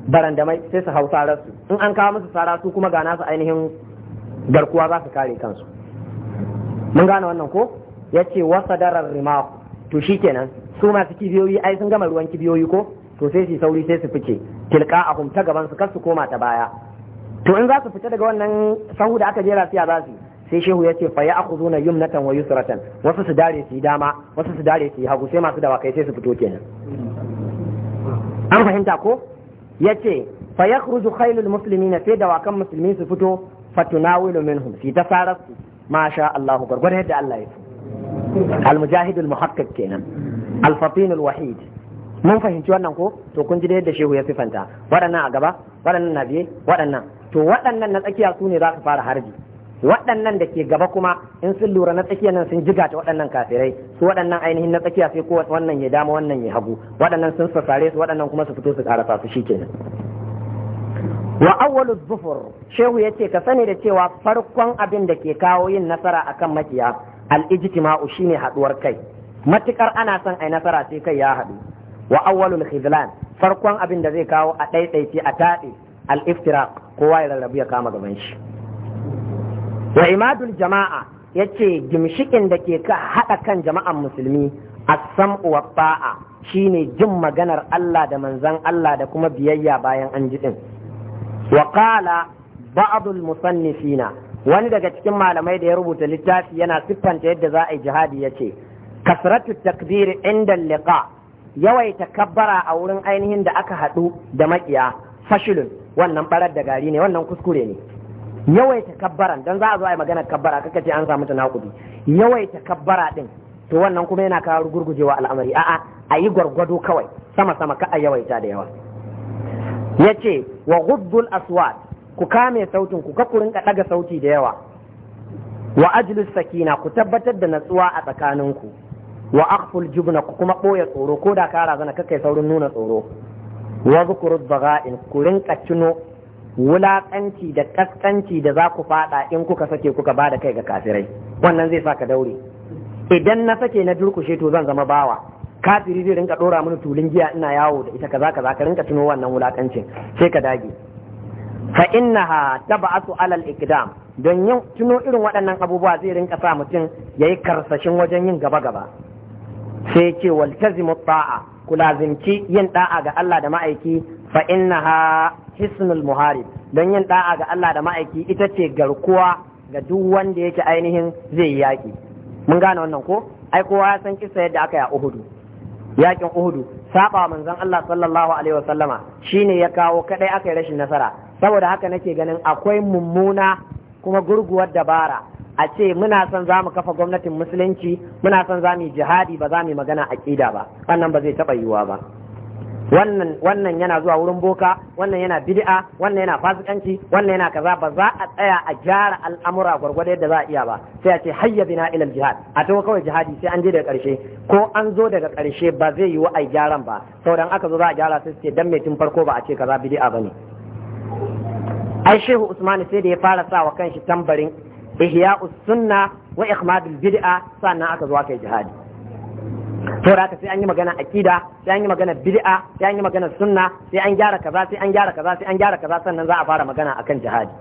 barandamai sai su hau sararsu in an kawo musu sara su kuma gana su ainihin garkuwa za su kare kansu mun gane wannan ko ya ce wasa darar rimaku to shi kenan su masu kibiyoyi ai sun gama ruwan kibiyoyi ko to sai su sauri sai su fice tilka a ta gaban su kar su koma ta baya to in za su fita daga wannan sahu da aka jera siya za su sai shehu ya ce fa ya yi natan wa yusratan wasu su dare su yi dama wasu su dare su yi hagu sai masu dawakai sai su fito kenan an fahimta ko ya yace fa yakhruju musulmi na sai dawakan musulmi su fito fatunawilu minhum fi sarar su Masha Allah gurgurda yadda Allah ya so al mujahidul muhaqqiq kenan al fatinul wahid mun fahimci wannan ko to kun ji da yadda shehu ya sifanta waɗannan a gaba waɗannan na biye waɗannan to waɗannan na tsakiya su ne za su fara harbi waɗannan da ke gaba kuma in sun lura na tsakiya nan sun jiga ta waɗannan kafirai su waɗannan ainihin na tsakiya sai ko wannan ya dama wannan ya hagu waɗannan sun sassare su waɗannan kuma su fito su karasa su shikenan wa awwalu dhufur shehu yace ka sani da cewa farkon abin da ke kawo yin nasara akan makiya al-ijtima'u shine haduwar kai matukar ana son ai nasara sai kai ya haɗu wa awwalul khizlan farkon abin da zai kawo a ɗaiɗaice a taɗe al iftira kowa ya rarrabu ya kama gaban shi wa imadul jama'a yace gimshikin da ke haɗa kan jama'an musulmi as wa ta'a shine jin maganar Allah da manzon Allah da kuma biyayya bayan an ji din wa qala ba'dul musannifina wani daga cikin malamai da ya rubuta littafi yana siffanta yadda za a yi jihadi yace kasratu takbir inda liqa yawaita kabbara a wurin ainihin da aka haɗu da makiya fashilun wannan barar da gari ne wannan kuskure ne yawaita kabbaran don za a zo a yi maganar kabbara kaka ce an samu ta naƙudi. yawaita kabbara ɗin, to wannan kuma yana kawo gurgujewa al'amari a'a a yi gwargwado kawai sama sama ka a yawaita da yawa Ya ce, wa ghuddul aswad ku kame sautin ku ka rinka daga sauti da yawa wa ajlis sakina ku tabbatar da natsuwa a tsakaninku wa aqful jubna kuma boye tsoro ko da ka razana kakai saurin nuna tsoro wa zukuru dhaga'in ku rinka cino wulakanci da kaskanci da za ku fada in kuka sake kuka bada kai ga kafirai wannan zai sa daure idan na sake na durkushe to zan zama bawa kafiri zai rinka dora mini tulun giya ina yawo da ita kaza kaza ka rinka tuno wannan wulakancin sai ka dage fa innaha tab'atu alal iqdam don yin tuno irin waɗannan abubuwa zai rinka sa mutum yayi karsashin wajen yin gaba gaba sai ce waltazimu ta'a ku lazimci yin da'a ga Allah da ma'aiki fa innaha hisnul muharib don yin da'a ga Allah da ma'aiki ita ce garkuwa ga duk wanda yake ainihin zai yaki mun gane wannan ko ai kowa ya san kisa yadda aka yi a Uhudu yakin Uhudu saba manzon Allah sallallahu alaihi wasallama shine ya kawo kadai aka yi rashin nasara saboda haka nake ganin akwai mummuna kuma gurguwar dabara a ce muna son za mu kafa gwamnatin musulunci muna son za mu yi jihadi ba za mu yi magana a ƙida ba wannan ba zai taɓa yiwuwa ba wannan yana zuwa wurin boka wannan yana bid'a wannan yana fasikanci wannan yana kaza ba za a tsaya a gyara al'amura gwargwado yadda za a iya ba sai a ce hayya bina ilal jihad a to kawai jihadi sai an je daga karshe ko an zo daga karshe ba zai yiwu a gyaran ba sauran aka zo za a gyara sai ce dan me tun farko ba a ce kaza bid'a bane ai shehu usmani sai da ya fara sa wa kanshi tambarin ihya'us sunna wa ikhmadul bid'a sannan aka zo kai jihadi to da sai an yi magana akida sai an yi magana bid'a sai an yi magana sunna sai an gyara kaza sai an gyara kaza sai an gyara kaza sannan za a fara magana akan jihadi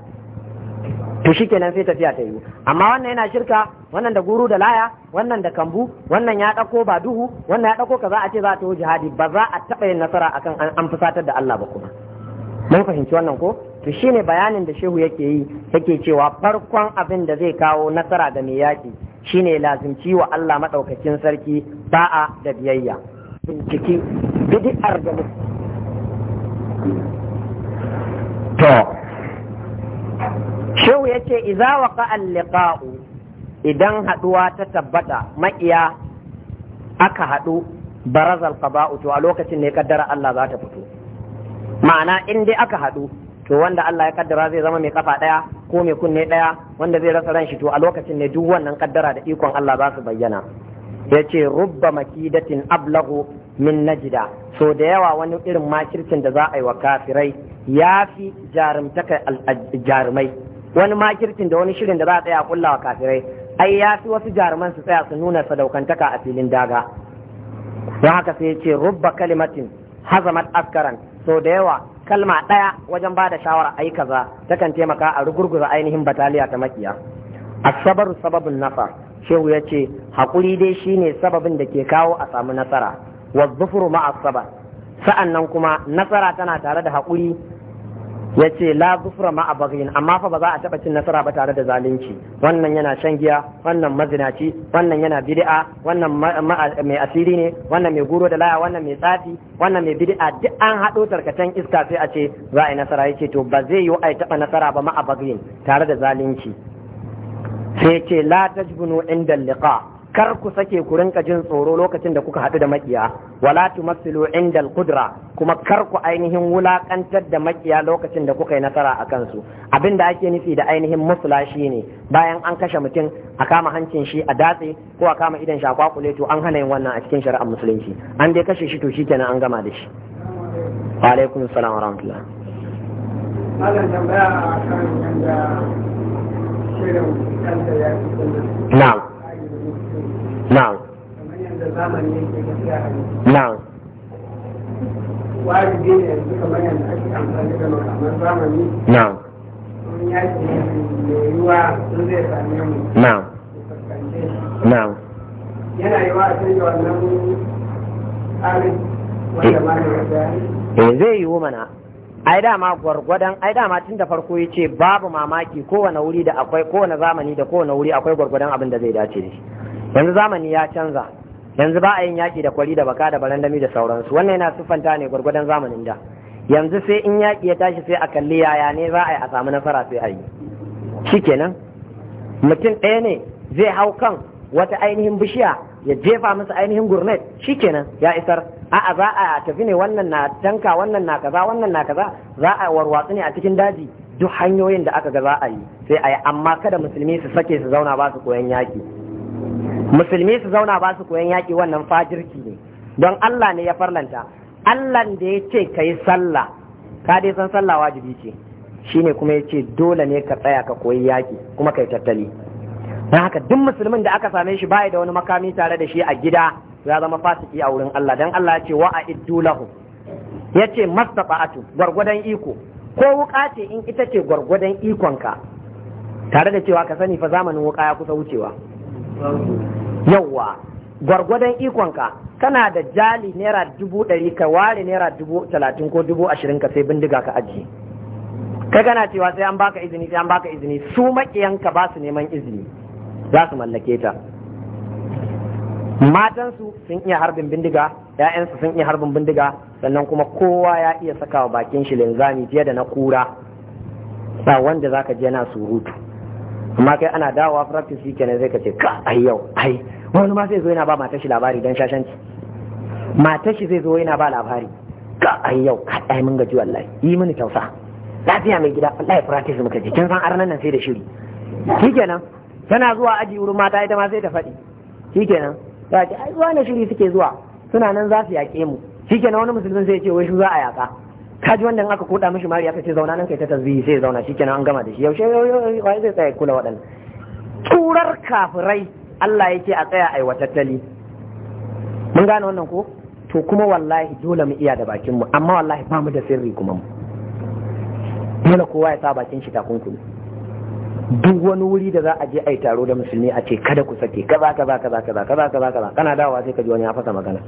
to kenan sai tafiya ta yi amma wannan yana shirka wannan da guru da laya wannan da kambu wannan ya dako ba duhu wannan ya dako kaza a ce za a taho jihadi ba za a taba yin nasara akan an fusatar da Allah ba kuma mun fahimci wannan ko to shine bayanin da shehu yake yi yake cewa farkon abin da zai kawo nasara ga mai yaki shine lazimci wa Allah madaukakin sarki ba'a da biyayya binciki bid'ar da to shehu yace idza waqa al-liqa'u idan haduwa ta tabbata ma'iya aka hadu barazal qaba'u to a lokacin ne kaddara Allah za ta fito ma'ana in dai aka haɗu. to wanda Allah ya kaddara zai zama mai kafa daya ko mai kunne daya wanda zai rasa ran shi to a lokacin ne duk wannan kaddara da ikon Allah za su bayyana yace rubba makidatin ablagu min najida so da yawa wani irin makircin da za a yi wa kafirai ya fi jarumtaka jarumai wani makircin da wani shirin da za a tsaya kulla wa kafirai ai ya fi wasu jaruman su tsaya su nuna sadaukantaka a filin daga don haka sai yace rubba kalimatin hazamat askaran so da yawa kalma ɗaya wajen ba da shawara ai kaza takan taimaka a rugurguza ainihin bataliya ta makiya asabaru sababin nafa shehu ya ce haƙuri dai shine sababin da ke kawo a samu nasara wa zufuru ma'asabar, sa'an nan kuma nasara tana tare da haƙuri ya ce la gufura ma amma fa ba za a taba cin nasara ba tare da zalunci wannan yana shan giya wannan mazinaci wannan yana bid'a wannan mai asiri ne wannan mai guro da laya wannan mai tsafi wannan mai bidi'a. duk an haɗo tarkacen iska sai a ce za a yi nasara ce to ba zai yi a taba nasara ba ma tare da zalunci sai ce la tajbunu inda liqa kar ku sake ku rinka jin tsoro lokacin da kuka haɗu da makiya wala tumassilu indal qudra kuma kar ku ainihin wulaƙantar da makiya lokacin da kuka yi nasara a kansu abin da ake nufi da ainihin musula ne, bayan an kashe mutum a kama hancin shi a datse ko a kama idan shakwa to an hana yin wannan a cikin shari'ar musulunci an dai kashe shi to shi kenan an gama da shi wa alaikum assalam wa rahmatullah malam tambaya a kan yanda shirin kanta ya fi na'am yiwu mana ai dama gwargwadon ai dama tun da farko ya ce babu mamaki kowane wuri da akwai kowane zamani da kowane wuri akwai gwargwadon abin da zai dace da shi yanzu zamani ya canza yanzu ba a yin yaƙi da kwari da baka da barandami da sauransu wannan yana siffanta ne gwargwadon zamanin da yanzu sai in yaƙi ya tashi sai a kalli yaya ne za a yi a samu nasara sai a yi shi kenan mutum ɗaya ne zai hau kan wata ainihin bishiya ya jefa masa ainihin gurnet kenan ya isar a'a za a tafi ne wannan na tanka wannan na kaza wannan na kaza za a warwatsu ne a cikin daji duk hanyoyin da aka ga za a yi sai a yi amma kada musulmi su sake su zauna ba su koyan yaƙi musulmi su zauna ba su koyan yaƙi wannan fajirki ne don Allah ne ya farlanta Allah da ya ce ka yi sallah ka dai san sallah wajibi ce shine kuma ya ce dole ne ka tsaya ka koyi yaƙi kuma ka yi tattali don haka duk musulmin da aka same shi baya da wani makami tare da shi a gida ya zama fasiki a wurin Allah Don Allah ya ce wa iddu lahu ya ce mastafa'atu gwargwadon iko ko wuka ce in ita ce gwargwadon ikonka tare da cewa ka sani fa zamanin wuka ya kusa wucewa yawwa gwargwadon ikonka kana da jali naira dubu ɗari ka ware naira dubu talatin ko dubu ashirin ka sai bindiga ka ajiye kai kana cewa sai an baka izini sai an baka izini su maƙiyanka ba su neman izini za su mallake ta matansu sun iya harbin bindiga ‘ya'yansu sun iya harbin bindiga sannan kuma kowa ya iya sakawa bakin shi linzami fiye da na kura sa wanda zaka je na surutu amma kai ana dawowa practice shi kenan sai ka ce ka a yau ai wani ma sai zo yana ba mata shi labari dan shashanci mata shi zai zo yana ba labari ka a yau ka ai mun gaji wallahi yi mini tausa lafiya mai gida wallahi practice muka je kin san arnan nan sai da shiri shikenan tana zuwa aji wurin mata ita ma sai ta faɗi shikenan ta ce ai zuwa na shiri suke zuwa suna nan za su yaƙe mu shikenan wani musulmin sai ya ce wai shi za a yaƙa Kaji ji wanda aka koda mishi mari aka ce zauna nan kai ta tasbihi sai zauna shikenan an gama da shi yaushe wai zai tsaya kula waɗannan turar kafirai Allah yake a tsaya ai watattali mun gane wannan ko to kuma wallahi dole mu iya da bakin mu amma wallahi ba mu da sirri kuma mu dole kowa ya sa bakin shi takunkumi duk wani wuri da za a je ai taro da musulmi a ce kada ku sake kaza kaza kaza kaza kaza kaza kaza kana dawowa sai ka ji wani ya fasa magana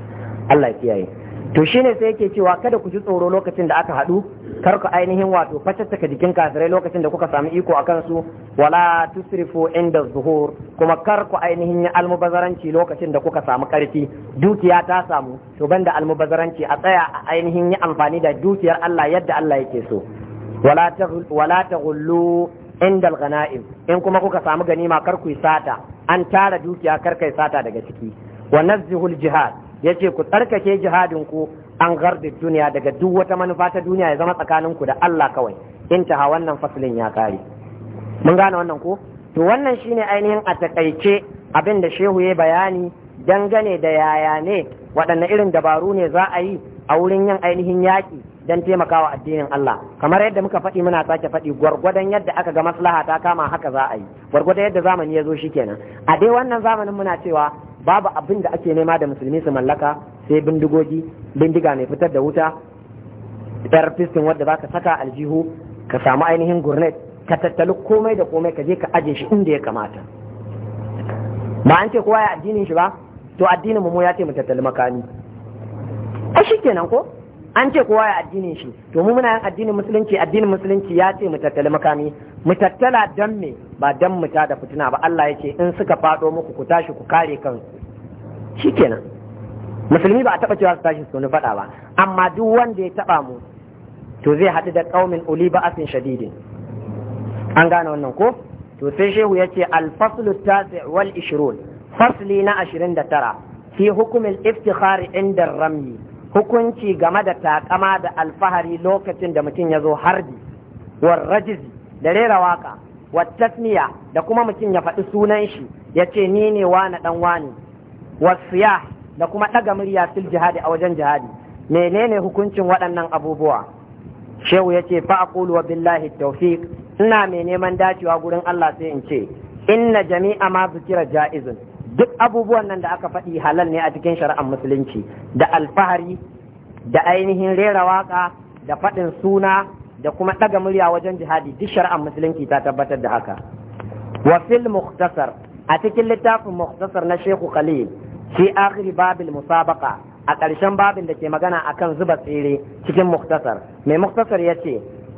Allah ya kiyaye to shine sai yake cewa kada ku ji tsoro lokacin da aka haɗu kar ku ainihin wato fatattaka jikin kafirai lokacin da kuka samu iko akan su wala tusrifu inda zuhur kuma kar ku ainihin yi almubazaranci lokacin da kuka samu ƙarfi, dukiya ta samu to banda almubazaranci a tsaya a ainihin yi amfani da dukiyar Allah yadda Allah yake so wala taghullu inda al in kuma kuka samu ganima kar ku yi sata an tara dukiya kar kai sata daga ciki wa nazzihul jihad ya ce ku tsarkake jihadin ku an garda duniya daga duk wata manufa ta duniya ya zama tsakanin ku da Allah kawai ha wannan faslin ya kare mun gane wannan ko to wannan shine ainihin a takaice abin da shehu ya bayani dangane da yaya ne waɗanne irin dabaru ne za a yi a wurin yin ainihin yaƙi dan taimakawa addinin Allah kamar yadda muka faɗi muna sake faɗi gwargwadon yadda aka ga maslaha ta kama haka za a yi gwargwadon yadda zamani ya zo kenan a dai wannan zamanin muna cewa babu abin da ake nema da musulmi su mallaka sai bindigogi bindiga mai fitar da wuta yar fistin wadda za ka saka aljihu ka samu ainihin gurnet ka tattali komai da komai ka je ka aje shi inda ya kamata ba an ce kowa ya addinin shi ba to addinin mu ya ce mu tattali makami a shi kenan ko an ce kowa ya addinin shi to mu muna addinin musulunci addinin musulunci ya ce mu tattali makami mu tattala dan me ba dan mu da fitina ba Allah ya ce in suka fado muku ku tashi ku kare kanku shikenan musulmi ba a taba cewa su tashi su faɗa ba amma duk wanda ya taba mu to zai haɗu da ƙaumin uli ba'asin shadidin an gane wannan ko to sai shehu ya ce alfaslu tasi wal fasli na ashirin da tara fi hukumin iftikhari inda ramyi hukunci game da takama da alfahari lokacin da mutum ya zo harbi war da rera waka Wa tasmiya da kuma mutum ya faɗi sunan shi ya ce ni ne wani dan wani wasiyah da kuma ɗaga murya fil jihadi a wajen jihadi menene hukuncin waɗannan abubuwa shehu ya ce fa aqulu wa billahi tawfiq ina mai neman dacewa gurin Allah sai in ce inna jami'a ma zikira jaizun duk abubuwan nan da aka faɗi halal ne a cikin shari'ar musulunci da alfahari da ainihin rera waka da faɗin suna da kuma ɗaga murya wajen jihadi duk shari'ar musulunci ta tabbatar da haka wa fil a cikin littafin mukhtasar na shehu Khalil fi akhir babil musabaqa a ƙarshen babin da ke magana akan zuba tsere cikin mukhtasar mai mukhtasar ya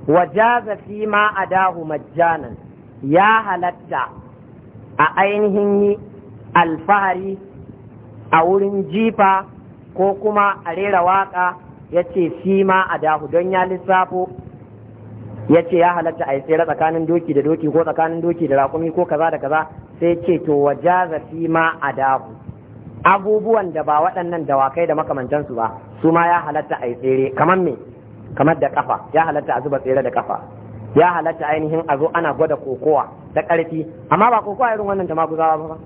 wa jaza fi ma adahu majjanan ya halatta a ainihin yi alfahari a wurin jifa ko kuma a rera waka ya ce fi ma a dahu don ya lissafo ya ce ya halatta a yi tsere tsakanin doki da doki ko tsakanin doki da raƙumi ko kaza da kaza sai ce to za fi ma a dahu abubuwan da ba waɗannan dawakai da makamantansu ba su ma ya halatta a yi tsere kamar me kamar da kafa ya halatta a zuba tsere da kafa ya halatta ainihin a zo ana gwada kokowa da ƙarfi amma ba kokowa irin wannan ta maguzawa ba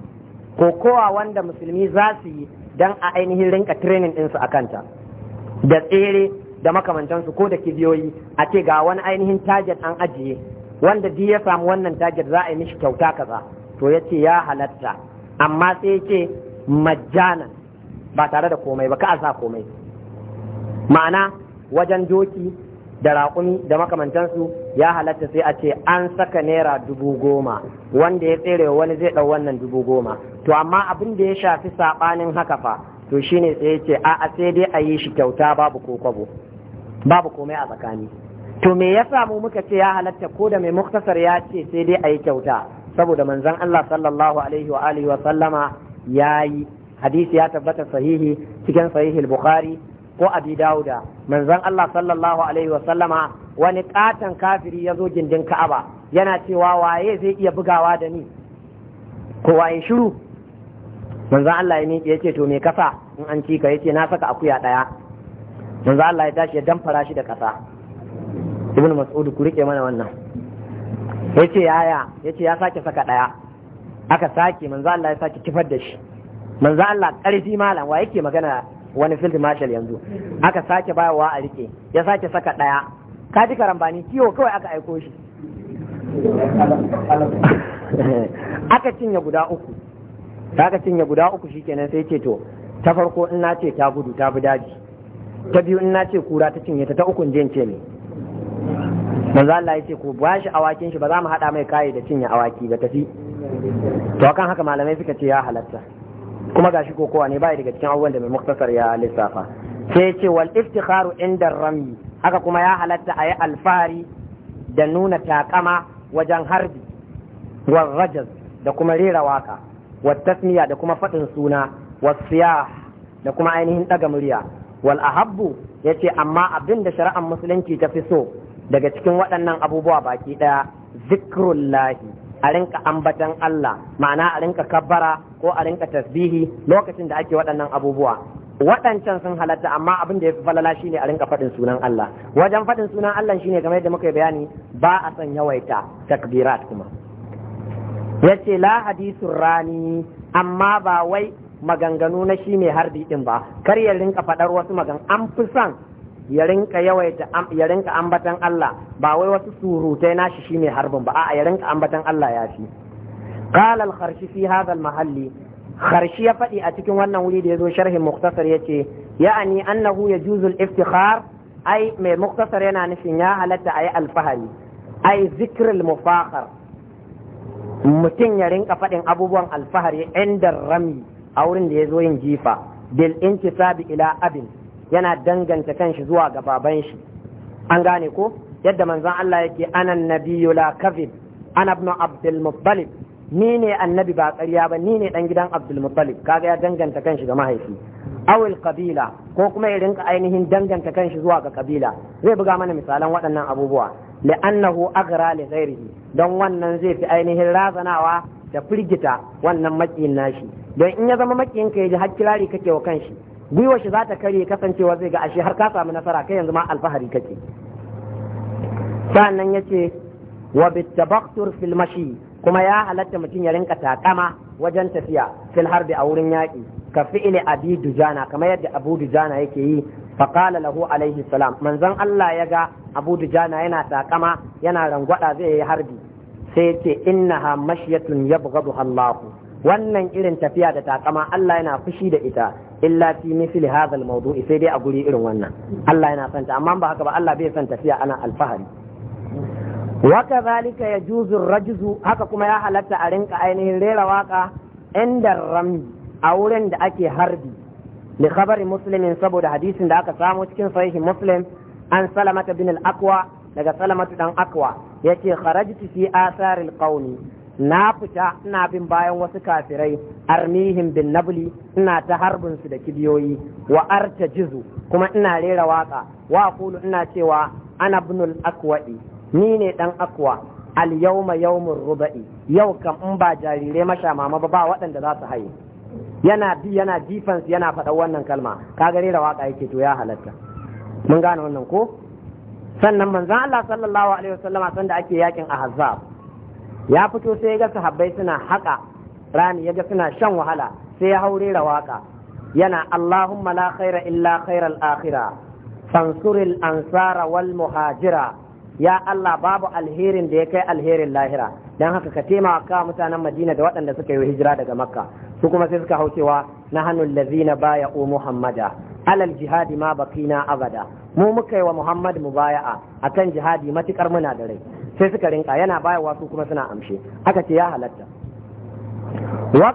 Ko kowa wanda musulmi za su yi don a ainihin rinka training ɗinsu a kanta da tsere da makamantansu ko da kibiyoyi a ce ga wani ainihin target an ajiye wanda duk ya samu wannan target za a yi mishi kyauta kaza to ya ce ya halatta amma sai ya ce majjanan ba tare da komai ba ka a sa komai ma'ana wajen doki da raƙumi da makamantansu ya halatta sai a ce an saka naira dubu goma wanda ya tsere wani zai ɗau wannan dubu goma to amma abin da ya shafi saɓanin haka fa to shine sai ya ce a sai dai a yi shi kyauta babu ko kwabo babu komai a tsakani to me ya samu muka ce ya halatta ko da mai muktasar ya ce sai dai a yi kyauta saboda manzon Allah sallallahu alaihi wa alihi wa sallama yayi hadisi ya tabbata sahihi cikin sahihil bukhari ko abi dauda manzon Allah sallallahu alaihi wa sallama wani katon kafiri ya zo gindin ka'aba yana cewa waye zai iya bugawa da ni ko waye shiru manzon Allah ya ya ce to me kasa in an ci ka yace na saka akuya daya manzon Allah ya tashi ya damfara shi da kasa ibnu mas'ud ku rike mana wannan yace yaya yace ya sake saka daya aka sake manzon Allah ya sake kifar da shi manzon Allah ƙarfi malam wa yake magana wani field marshal yanzu aka sake bayarwa a rike ya sake saka ɗaya ka ji karambani kiwo kawai aka aiko shi aka cinye guda uku aka cinye guda uku shikenan sai ce to ta farko in na ce ta gudu ta bi daji ta biyu in na ce kura ta cinye ta ta uku in ce ne manzo Allah ya ce ko ba shi awakin shi ba za mu hada mai kai da cinye awaki ba tafi to kan haka malamai suka ce ya halatta kuma gashi kowa ne bai daga cikin abubuwan da mai muktasar ya lissafa sai ce wal iftikharu inda rami haka kuma ya halatta a yi alfahari da nuna takama wajen harbi wal rajaz da kuma rera waka wal tasmiya da kuma faɗin suna wal siyah da kuma ainihin ɗaga murya wal ahabbu yace amma abin da shari'ar musulunci ta fi so daga cikin waɗannan abubuwa baki ɗaya zikrullahi a rinka ambatan Allah ma'ana a rinka kabbara ko a rinka tasbihi lokacin da ake waɗannan abubuwa waɗancan sun halatta amma abin da ya fi falala shine a rinka faɗin sunan Allah wajen faɗin sunan Allah shi ne game da muka bayani ba a son yawaita takbirat kuma Ya ce la sun rani amma ba wai maganganu na shi mai harbi ɗin ba kar ya rinka faɗar wasu magan an fi son ya rinka yawaita ya rinka ambatan Allah ba wai wasu surutai nashi shi mai harbin ba a'a ya rinka ambatan Allah ya fi qala al-kharshi fi hadha al ya faɗi a cikin wannan wuri da yazo sharhin muktasar yace ya'ani annahu yajuzu al-iftikhar ai mai muktasar yana nufin ya halatta ayi alfahari ai zikrul mufakhar mutum ya rinka faɗin abubuwan alfahari inda rami a wurin da ya zo yin jifa bil intisabi ila abin yana danganta kanshi zuwa ga baban shi an gane ko yadda manzon Allah yake anan nabiyyu la kadhib ana ibn abdul muttalib ni ne annabi ba ƙarya ba ni ne dan gidan abdul muttalib kaga ya danganta kanshi ga mahaifi awil kabila ko kuma ya rinka ainihin danganta kanshi zuwa ga kabila zai buga mana misalan waɗannan abubuwa li'annahu aghra li ghairihi don wannan zai fi ainihin razanawa da firgita wannan makiyin nashi don in ya zama makiyin ka yaji har kirari kake wa kanshi gwiwar shi za ta karye kasancewa zai ga ashe har ka samu nasara kai yanzu ma alfahari kake sannan yace wa bitabaqtur fil mashi kuma ya halatta mutum ya rinka takama wajen tafiya fil harbi a wurin yaƙi ka fi'ili abi dujana kamar yadda abu dujana yake yi faqala lahu alaihi salam manzon Allah ya ga abu dujana yana takama yana rangwada zai yi harbi sai ya ce innaha mashyatun yabghadu Allah wannan irin tafiya da takama Allah yana fushi da ita illa fi misli hadha al sai dai a guri irin wannan Allah yana santa amma ba haka ba Allah bai san tafiya ana alfahari waka zalika ya juzu rajizu haka kuma ya halatta a rinka ainihin rera waka inda rami a wurin da ake harbi li khabari muslimin saboda hadisin da aka samu cikin sahihi muslim an salamata bin al-aqwa daga salamatu dan aqwa yace kharajtu fi athar al-qawmi na fita ina bin bayan wasu kafirai armihim bin nabli ina ta harbin su da kibiyoyi wa artajizu kuma ina rera waka wa Kulu ina cewa ana al-aqwa ni ne dan akwa al yawma yawmur ruba'i yau kam in ba jarirai masha mama ba ba waɗanda za su haye yana bi yana defense yana faɗa wannan kalma ka gare da waka yake to ya halatta mun gane wannan ko sannan manzon Allah sallallahu alaihi wasallam sanda ake yakin ahzab ya fito sai ga sahabbai suna haƙa rani ya ga suna shan wahala sai ya haure da waka yana Allahumma la khaira illa khairal akhirah fansuril ansara wal muhajira ya Allah babu alherin da ya kai alherin lahira dan haka ka taimaka mutanen Madina da waɗanda suka yi hijira daga Makka su kuma sai suka hau cewa na hannun lazina baya o Muhammada alal jihadi ma bakina abada mu muka yi wa Muhammad mubaya'a akan jihadi matukar muna da rai sai suka rinka yana bayarwa su kuma suna amshe aka ce ya halatta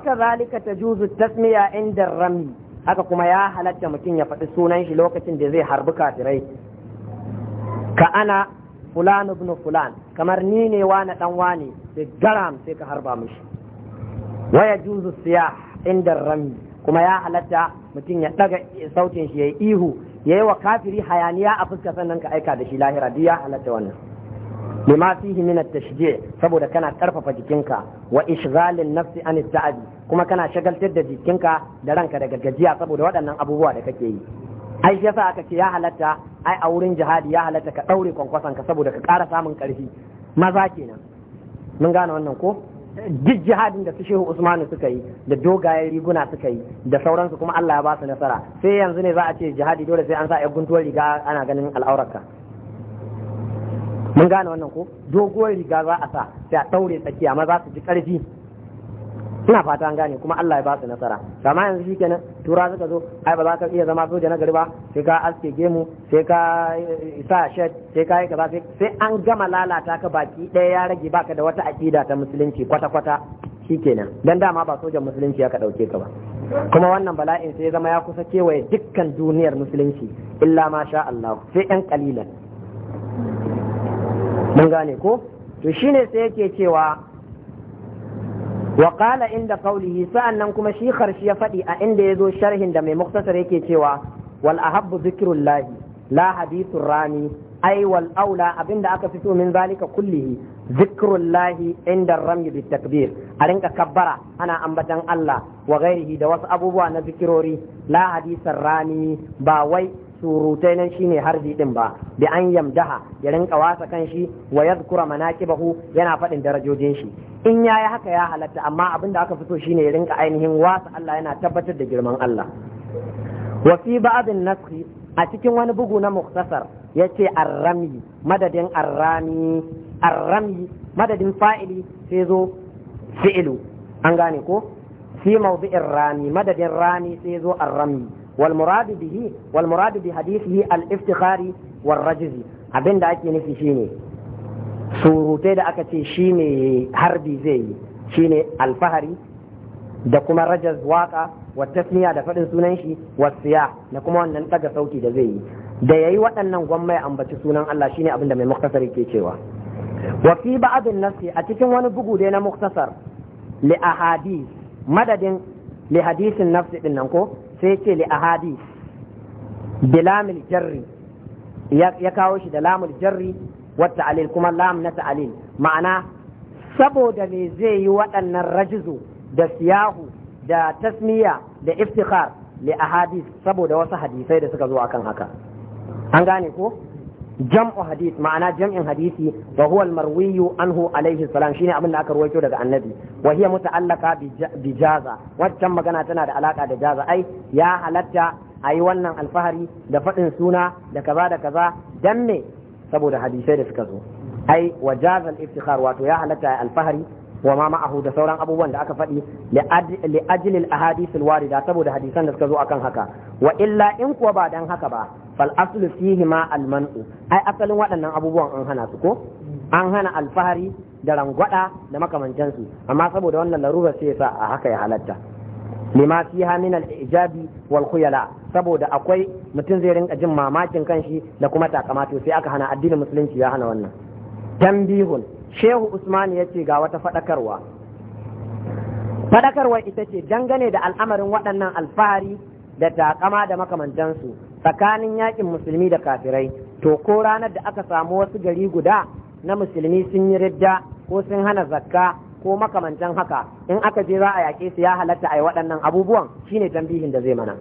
ta tajuzu tasmiya inda rami haka kuma ya halatta mutum ya faɗi sunan shi lokacin da zai harbi kafirai ka fulan ibn fulan kamar ni ne wani dan wane sai garam sai ka harba mishi waya juzu siya inda rami kuma ya halatta mutum ya daga sautin shi ya yi ihu ya yi wa kafiri hayaniya a fuska sannan ka aika da shi lahira duk ya halatta wannan lima fihi min at-tashji' saboda kana karfafa jikinka wa ishghalin nafsi an ta'abi kuma kana shagaltar da jikinka da ranka daga gajiya saboda waɗannan abubuwa da kake yi ai yasa aka ce ya halatta ai a wurin jihadi ya halatta ka daure kwankwasan ka saboda ka ƙara samun ƙarfi maza kenan mun gane wannan ko duk jihadin da su shehu usmanu suka yi da dogayen riguna suka yi da sauransu kuma Allah ya ba su nasara sai yanzu ne za a ce jihadi dole sai an sa guntuwar riga ana ganin al'aurarka mun gane wannan ko doguwar riga za a sa sai a ɗaure tsakiya amma za su ji ƙarfi ina fata an gane kuma Allah ya ba su nasara kama yanzu shi kenan tura suka zo ai ba za ka iya zama soja na gari ba sai ka aske gemu sai ka sa shed sai ka yi kaza sai an gama lalata ka baki ɗaya ya rage baka da wata aƙida ta musulunci kwata kwata shikenan dan dama ba sojan musulunci ka ɗauke ka ba kuma wannan bala'in sai zama ya kusa kewaye dukkan duniyar musulunci illa ma sha Allah sai yan kalilan mun gane ko to shine sai yake cewa wa inda qawlihi sa'annan kuma shi kharshi ya faɗi a inda ya zo sharhin da mai muktasar yake cewa wal ahabbu zikrullahi la hadithur rani ai wal abinda aka fi min zalika kullihi zikirullahi inda ramyi bit takbir a rinka kabbara ana ambatan Allah wa ghairihi da wasu abubuwa na zikirori la hadisan rani ba wai surutai nan shine harbi din ba bi an yamdaha ya rinka wasa kan shi wa yadhkura manaqibahu yana faɗin darajojin shi in yayi haka ya halatta amma abin da aka fito shine ya rinka ainihin wasa Allah yana tabbatar da girman Allah wa fi ba'dhin a cikin wani bugu na muktasar yace arrami madadin arrami arrami madadin fa'ili sai zo fi'ilu an gane ko fi mawdi'ir rami madadin rami sai zo arrami والمراد به والمراد بحديثه الافتخار والرجز abin da ake nufi shine surutai da aka ce shine harbi zai yi shine alfahari da kuma rajaz waka wa tasmiya da faɗin sunan shi wa siya da kuma wannan daga sauti da zai yi da yayi waɗannan gwamma ya ambaci sunan Allah shine abin da mai muktasar ke cewa wa fi ba'd nasi a cikin wani bugu dai na muktasar li ahadith madadin li hadisin nafsi din nan ko sai ce li ahadi bilamil jarri ya kawo shi da lamul jarri wata alil kuma lam na ta'alil ma'ana saboda me zai yi waɗannan rajizu da siyahu da tasmiya da iftikhar li ahadis saboda wasu hadisai da suka zo akan haka an gane ko jam'u hadith ma'ana jam'in hadisi wa huwa al-marwiyu anhu alaihi salam shine abin da aka ruwaito daga annabi wa hiya muta'allaqa bi jaza waccan magana tana da alaka da jaza ai ya halatta yi wannan alfahari da faɗin suna da kaza da kaza dan me saboda hadisai da suka zo ai wa jaza iftikar, wato ya halatta alfahari wa ma ma'ahu sauran abubuwan da aka faɗi li ajlil ahadithil warida saboda hadisan da suka zo akan haka wa illa in kuwa ba dan haka ba fal aslu fihi ma ai asalin waɗannan abubuwan an hana su ko an hana alfahari da rangwada da makamantansu amma saboda wannan larura sai yasa a haka ya halatta lima fiha min al ijabi wal khuyala saboda akwai mutum zai rinka jin mamakin shi da kuma takamato sai aka hana addinin musulunci ya hana wannan tambihun shehu usman ya ce ga wata faɗakarwa faɗakarwa ita ce dangane da al'amarin waɗannan alfahari da takama da makamantansu tsakanin yaƙin musulmi da kafirai to ko ranar da aka samu wasu gari guda na musulmi sun yi ridda ko sun hana zakka ko makamantan haka in aka je za a yaƙe su ya halatta a yi waɗannan abubuwan shine tambihin da zai mana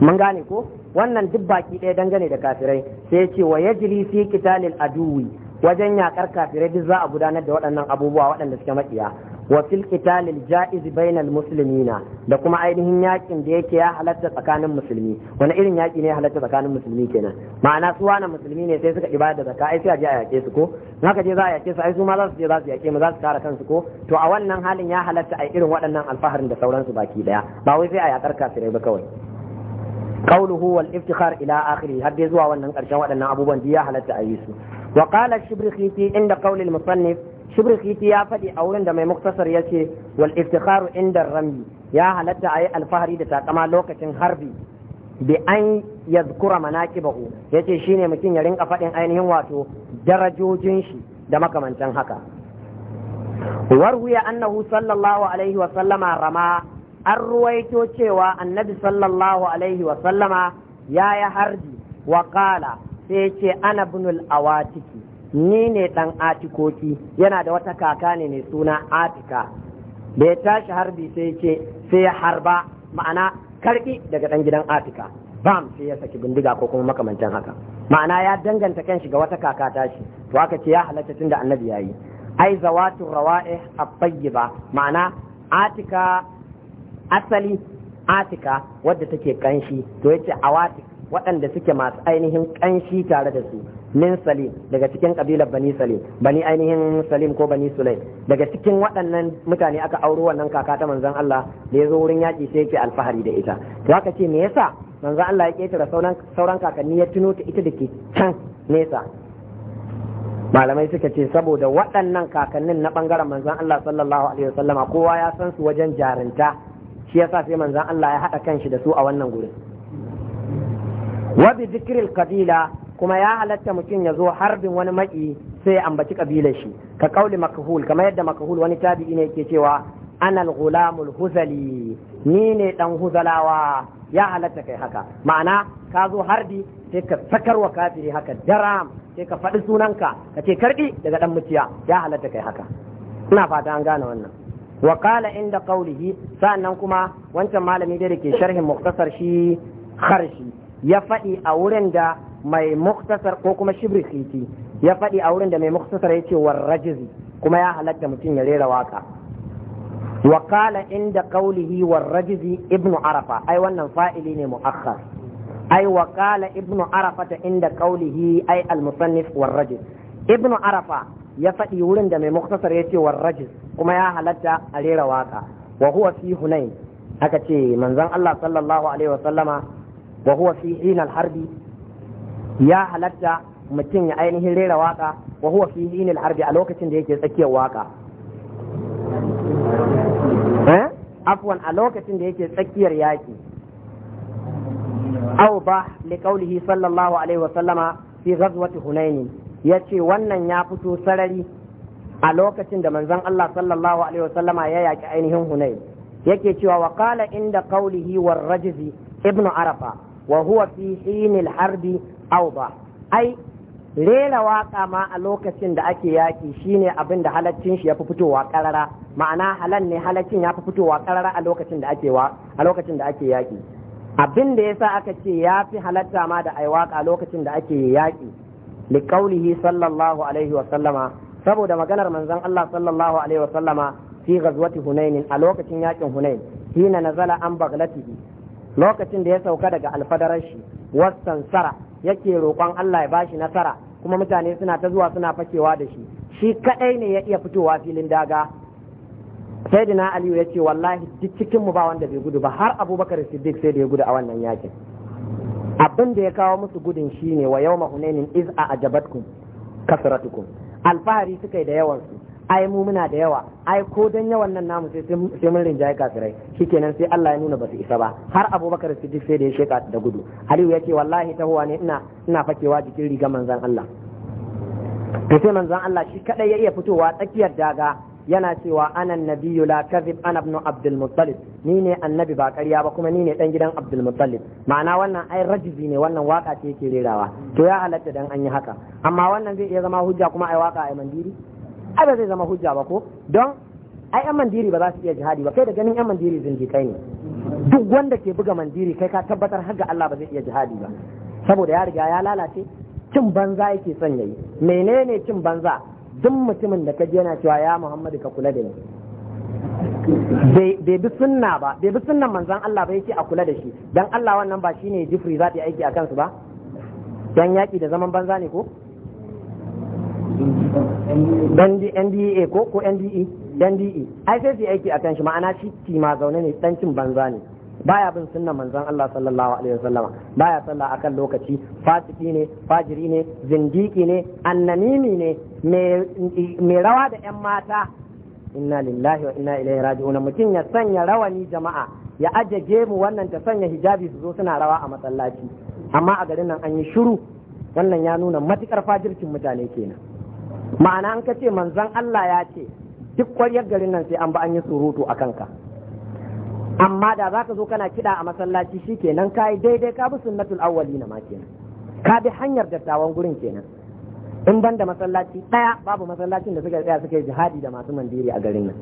mun gane ko wannan duk baki ɗaya dangane da kafirai sai ya ce wa yajri fi qitalil aduwi wajen yakar kafirai duk za a gudanar da waɗannan abubuwa waɗanda suke makiya wa fil qitalil ja'iz bainal muslimina da kuma ainihin yakin da yake ya halatta tsakanin musulmi wani irin yaki ne ya halatta tsakanin musulmi kenan ma'ana su wani musulmi ne sai suka ibada zakka ai sai a je a yake su ko in haka je za a yake su ai su ma za su je za su yake mu za su kare kansu ko to a wannan halin ya halatta ai irin waɗannan alfaharin da sauransu baki daya ba wai sai a yakar kafirai ba kawai قوله والافتخار الى اخره har dai zuwa wannan karshen waɗannan abubuwan da ya halatta a yi su wa qala shibrikhiti inda qawli al-musannif shibrikhiti ya faɗi a wurin da mai muktasar ya ce wal iftikharu inda rambi ya halatta yi alfahari da takama lokacin harbi bi an yadhkura manaqibahu yace shine mutum ya rinka faɗin ainihin wato darajojin shi da makamantan haka warwiya annahu sallallahu alaihi an ruwaito cewa annabi sallallahu alaihi ya harbi Wakala. sai ya ce ana bunul awatiki ni ne ɗan atikoki yana da wata kaka ne mai suna atika da ya tashi harbi sai ce sai ya harba ma'ana karki daga ɗan gidan atika bam sai ya saki bindiga ko kuma makamancin haka ma'ana ya danganta kanshi ga wata kaka tashi to aka ce ya halatta tun da annabi yayi ai zawatu rawa'ih at-tayyiba ma'ana atika asali atika wadda take kanshi to yace awatik waɗanda suke masu ainihin ƙanshi tare da su min salim daga cikin kabilar bani salim bani ainihin salim ko bani sulaim daga cikin waɗannan mutane aka auro wannan kaka ta manzon Allah da ya zo wurin yaƙi sai yake alfahari da ita to haka ce me yasa manzon Allah ya ƙetare sauran sauran kakanni ya tuno ta ita da ke can nesa malamai suka ce saboda waɗannan kakannin na ɓangaren manzon Allah sallallahu alaihi wasallama kowa ya san su wajen jarinta shi yasa sai manzon Allah ya haɗa kanshi da su a wannan gurin wa bi zikril qabila kuma ya halatta mutum ya zo harbin wani maki sai ambaci kabilar shi ka kauli makhul kamar yadda makhul wani tabi'i ne yake cewa ana gulamul huzali ni ne dan huzalawa ya halatta kai haka ma'ana ka zo harbi sai ka sakarwa kafiri haka daram sai ka faɗi sunanka ka ce karbi daga dan mutiya ya halatta kai haka ina fata an gane wannan wa qala inda qawlihi sannan kuma wancan malami da ke sharhin muktasar shi kharshi ya faɗi a wurin da mai muktasar ko kuma shibri khiti ya faɗi a wurin da mai muktasar ya ce war rajizi kuma ya halatta mutum ya rera waka wakala inda qawlihi war rajizi ibnu arafa ai wannan fa'ili ne muakhar ai wakala ibnu arafa ta inda qawlihi ai al musannif war rajiz ibnu arafa ya faɗi wurin da mai muktasar ya ce war rajiz kuma ya halatta a rera waka wa huwa fi hunain aka ce manzon Allah sallallahu alaihi wa sallama wa huwa fi hinal harbi ya halatta mutum ya ainihin rera waka wa huwa fi hinal harbi a lokacin da yake tsakiyar waka eh? afwan a lokacin da yake tsakiyar yaki aw ba li qawlihi sallallahu alaihi wa sallama wannan ya fito sarari a lokacin da manzon Allah sallallahu alaihi wa sallama ya yaki ainihin hunain yake cewa wa qala inda qawlihi war rajzi ibnu arafa wa fi hinil harbi awda ai rera waka ma a lokacin da ake yaƙi shine abinda da shi yafi fitowa karara ma'ana halal ne halaccin yafi fitowa karara a a lokacin da ake yaki abin da yasa aka ce yafi halarta ma da ai waka lokacin da ake yaki liqaulihi sallallahu alaihi wa sallama saboda maganar manzon Allah sallallahu alaihi wa sallama fi ghazwati hunain a lokacin yakin hunain hina nazala an baglatihi lokacin da ya sauka daga alfadarar shi wasan sara yake roƙon Allah ya bashi nasara kuma mutane suna ta zuwa suna fakewa da shi shi kadai ne ya iya fitowa filin daga Saidina aliyu ya ce wallahi duk cikin mu ba wanda bai gudu ba har abubakar siddiq sai da ya gudu a wannan yakin abin da ya kawo musu gudun shine wa yawma hunainin iz a ajabatkum kasratukum alfahari suka yi da yawansu ai mu muna da yawa ai ko dan yawan nan namu sai sai mun rinjaye kafirai shikenan sai Allah ya nuna basu isa ba har Abubakar Siddiq sai da ya sheka da gudu Aliyu yake wallahi ta huwa ne ina ina fakewa jikin riga manzan Allah to sai manzon Allah shi kadai ya iya fitowa tsakiyar daga yana cewa anan nabiyyu la kadhib ana ibn abdul muttalib ni ne annabi ba ƙarya ba kuma ni ne dan gidan abdul muttalib ma'ana wannan ai rajizi ne wannan waka ce yake rerawa to ya halatta dan an yi haka amma wannan zai iya zama hujja kuma ai waka ai mandiri ai ba zai zama hujja ba ko don ai yan mandiri ba za su iya jihadi ba kai da ganin yan mandiri kai ne duk wanda ke buga mandiri kai ka tabbatar har ga Allah ba zai iya jihadi ba saboda ya riga ya lalace cin banza yake son yayi menene cin banza duk mutumin da kaji yana cewa ya Muhammadu ka kula da ni bai bi sunna ba bai bi sunnan manzon Allah ba yake a kula da shi dan Allah wannan ba shine jifri za ta aiki a kansu ba dan yaki da zaman banza ne ko NDA ko ko NDE NDE ai sai su aiki akan shi ma'ana shi ma zaune ne dan cin banza ne baya bin sunnan manzon Allah sallallahu alaihi wasallama baya sallah akan lokaci fasiki ne fajiri ne zindiki ne annanimi ne mai rawa da yan mata inna lillahi wa inna ilaihi raji'un mutum ya sanya rawani jama'a ya aje gemu wannan ta sanya hijabi su zo suna rawa a masallaci amma a garin nan an yi shiru wannan ya nuna matukar fajircin mutane kenan ma'ana an kace manzon Allah ya ce duk ƙwaryar garin nan sai an ba an yi surutu a kanka amma da za ka zo kana kiɗa a masallaci shi kenan ka yi daidai ka bi sunnatul awwali na ma kenan ka bi hanyar dattawan gurin kenan in ban da masallaci ɗaya babu masallacin da suka tsaya suka yi jihadi da masu mandiri a garin nan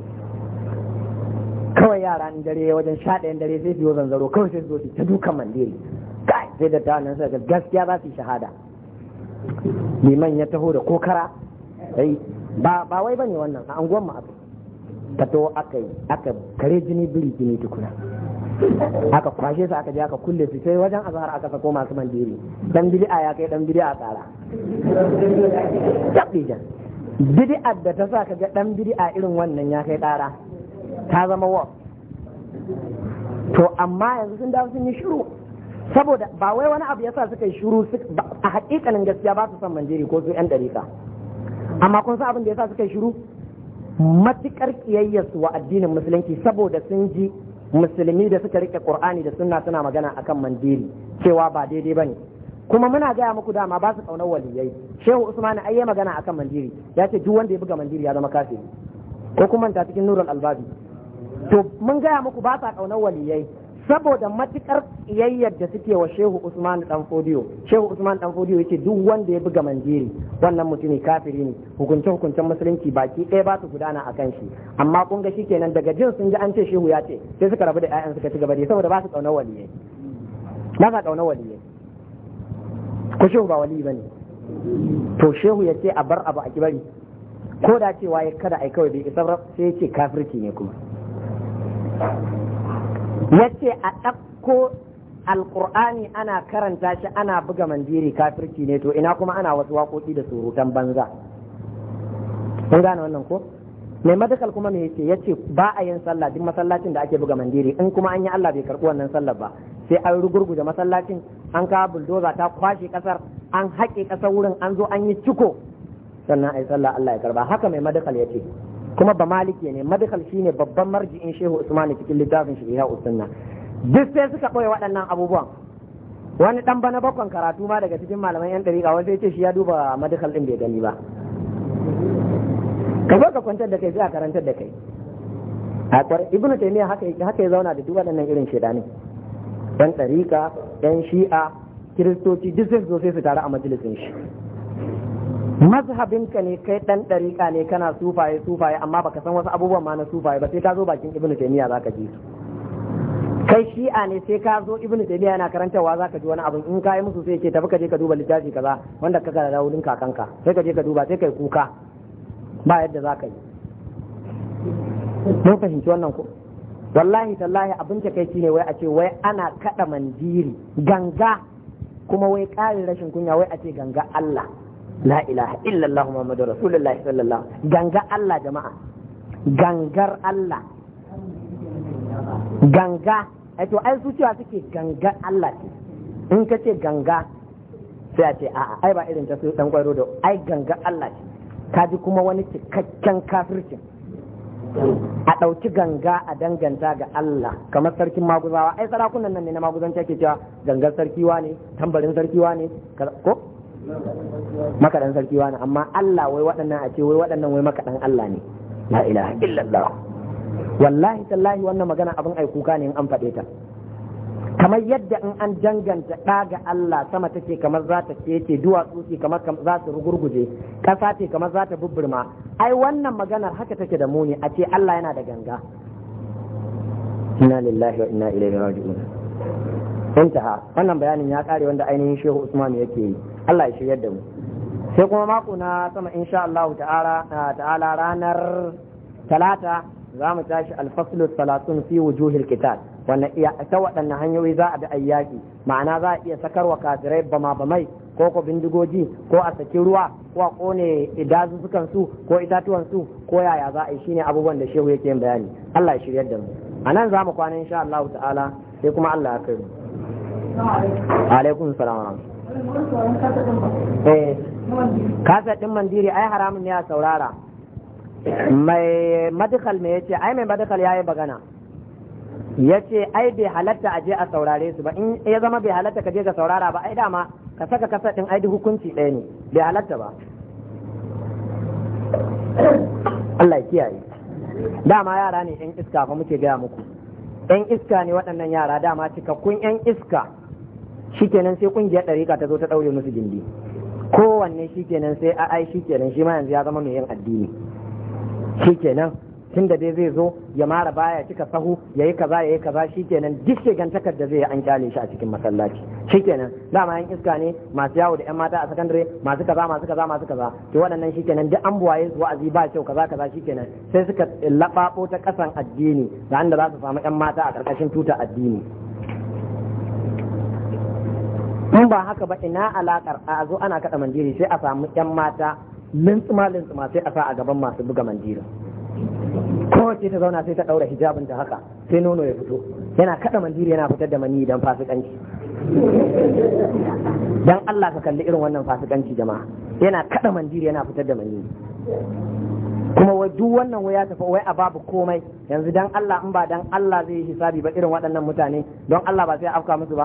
kawai yara in dare wajen sha ɗayan dare sai su yi zanzaro kawai sai su zo su ta dukan mandiri kai sai dattawan nan suka gaskiya za su yi shahada liman ya taho da kokara sai ba wai bane wannan a anguwan mu aka to aka aka kare jini biri jini tukuna aka kwashe su aka je aka kulle su sai wajen azhar aka sako masu mandiri dan bid'a ya kai dan bid'a tsara tabbijan bid'a da ta sa ka ga dan bid'a irin wannan ya kai tsara ta zama wa to amma yanzu sun dawo sun yi shiru saboda ba wai wani abu yasa suka yi shiru a hakikanin gaskiya ba su san mandiri ko su yan dariƙa amma kun san abin da yasa suka yi shiru matukar kiyayyarsu wa addinin musulunci saboda sun ji musulmi da suka rike ƙur'ani da sunna suna magana akan mandiri cewa ba daidai bane kuma muna gaya muku dama ba su kaunar waliyai shehu usman ai ya magana akan mandiri ya ce duk wanda ya buga mandiri ya zama kafiri ko kuma ta cikin nurul albabi to mun gaya muku ba sa kaunar waliyai saboda matukar yayyar da suke wa shehu usman dan fodiyo shehu usman dan fodiyo yace duk wanda ya buga mandiri wannan mutumi kafiri ne hukunce hukuncen musulunci baki ɗaya ba su gudana akan shi amma kun ga shikenan daga jin sun ji an ce shehu ya ce sai suka rabu da ƴaƴan suka ci gaba da saboda ba su kauna waliyai ba sa kauna waliyai ko shehu ba wali bane to shehu ya ce a bar abu a kibari ko da cewa ya kada ai kawai bai isa sai ya ce kafirci ne kuma yace a ɗakko alƙur'ani ana karanta shi ana buga mandiri kafirci ne to ina kuma ana wasu waƙoƙi da surutan banza kun gane wannan ko mai madakal kuma me yace yace ba a yin sallah duk masallacin da ake buga mandiri in kuma an yi Allah bai karɓi wannan sallar ba sai an rugurguje masallacin an kawo buldoza ta kwashe kasar an haƙe ƙasar wurin an zo an yi ciko sannan yi sallah Allah ya karba haka mai madakal ce. kuma ba maliki ne madakal shine babban marji'in shehu usman cikin littafin shi ya usunna duk sai suka ɓoye waɗannan abubuwan wani dan bana bakon karatu ma daga cikin malaman yan dariqa wani sai ce shi ya duba madakal din bai gani ba ka zo ka kwantar da kai sai a karantar da kai a kwar ibnu taymiya haka haka ya zauna da duk waɗannan irin shedani dan dariqa dan shi'a kiristoci duk sai su zo sai su taru a majalisin shi mazhabinka ne kai dan ɗarika ne kana sufaye sufaye amma baka san wasu abubuwan ma na sufaye ba sai ka zo bakin ibnu taymiya zaka ji su kai shi'a ne sai ka zo ibnu taymiya yana karantarwa zaka ji wani abu in ka yi musu sai ce tafi ka je ka duba littafi kaza wanda ka ga rawulin kakanka sai ka je ka duba sai kai kuka ba yadda zaka yi mun fahimci wannan ko wallahi tallahi abin kai ne wai a ce wai ana kada mandiri ganga kuma wai ƙarin rashin kunya wai a ce ganga Allah la ilaha illallah muhammadu rasulullahi sallallahu ganga Allah jama'a gangar Allah ganga ai to ai zuciya suke ganga Allah ce in ka ce ganga sai a ce a ai ba irin ta su dan kwaro da ai ganga Allah ce ka ji kuma wani cikakken kafircin a ɗauki ganga a danganta ga Allah kamar sarkin maguzawa ai sarakunan nan ne na maguzanci ake cewa gangar sarkiwa ne tambarin sarkiwa ne ko makaɗan sarki wani amma Allah wai waɗannan a ce wai waɗannan wai makaɗan Allah ne la ilaha illallah wallahi tallahi wannan magana abin ai kuka ne in an faɗe ta kamar yadda in an janganta ɗa ga Allah sama take kamar za ta ce duwatsu ce kamar za su rugurguje ƙasa ce kamar za ta bubburma ai wannan maganar haka take da muni a ce Allah yana da ganga inna lillahi wa inna ilaihi raji'un intaha wannan bayanin ya kare wanda ainihin shehu usman yake yi Allah ya shigar da mu sai kuma mako na sama insha Allah ta'ala ranar talata za mu tashi alfaslu salatun fi wujuhil kitab wannan iya ta waɗannan hanyoyi za a bi ayyaki ma'ana za a iya sakarwa kafirai bama bamai ko ko bindigoji ko a saki ruwa ko a kone dazuzzukan su ko itatuwan su ko yaya za a yi shine abubuwan da shehu yake yin bayani Allah ya shiryar da mu a nan za mu kwana insha Allah ta'ala sai kuma Allah ya kai mu alaikum salam kasa eh. ɗin mandiri ai haramun ne a saurara mai madakal me yace ai mai madakal yayi bagana yace ai bai halatta a je a saurare su ba in ya zama bai halatta ka je ka saurara ba ai dama ka saka kasa ɗin ai hukunci ɗaya ne bai halatta ba Allah ya kiyaye dama yara ne yan iska fa muke gaya muku yan iska ne waɗannan yara dama cikakkun yan iska shikenan sai kungiyar ɗariƙa ta zo ta ɗaure musu gindi kowanne shikenan sai a ai shikenan shi ma yanzu ya zama mai yin addini shikenan tun da dai zai zo ya mara baya cika sahu ya yi kaza ya yi kaza shikenan duk shegantakar da zai yi an kyale shi a cikin masallaci shikenan dama yan iska ne masu yawo da yan mata a sakandare masu kaza masu kaza masu kaza to waɗannan shikenan duk an buwaye su wa'azi ba kyau kaza kaza shikenan sai suka laɓaɓo ta ƙasan addini da da za su samu yan mata a ƙarƙashin tutar addini in ba haka ba ina alakar a zo ana kada mandiri sai a samu yan mata lintsuma lintsuma sai a sa a gaban masu buga mandiri ce ta zauna sai ta daura hijabin ta haka sai nono ya fito yana kada mandiri yana fitar da mani dan fasikanci dan Allah ka kalli irin wannan fasikanci jama'a yana kada mandiri yana fitar da mani kuma wai duk wannan wai ya tafi wai a babu komai yanzu dan Allah in ba dan Allah zai yi hisabi ba irin waɗannan mutane don Allah ba sai afka musu ba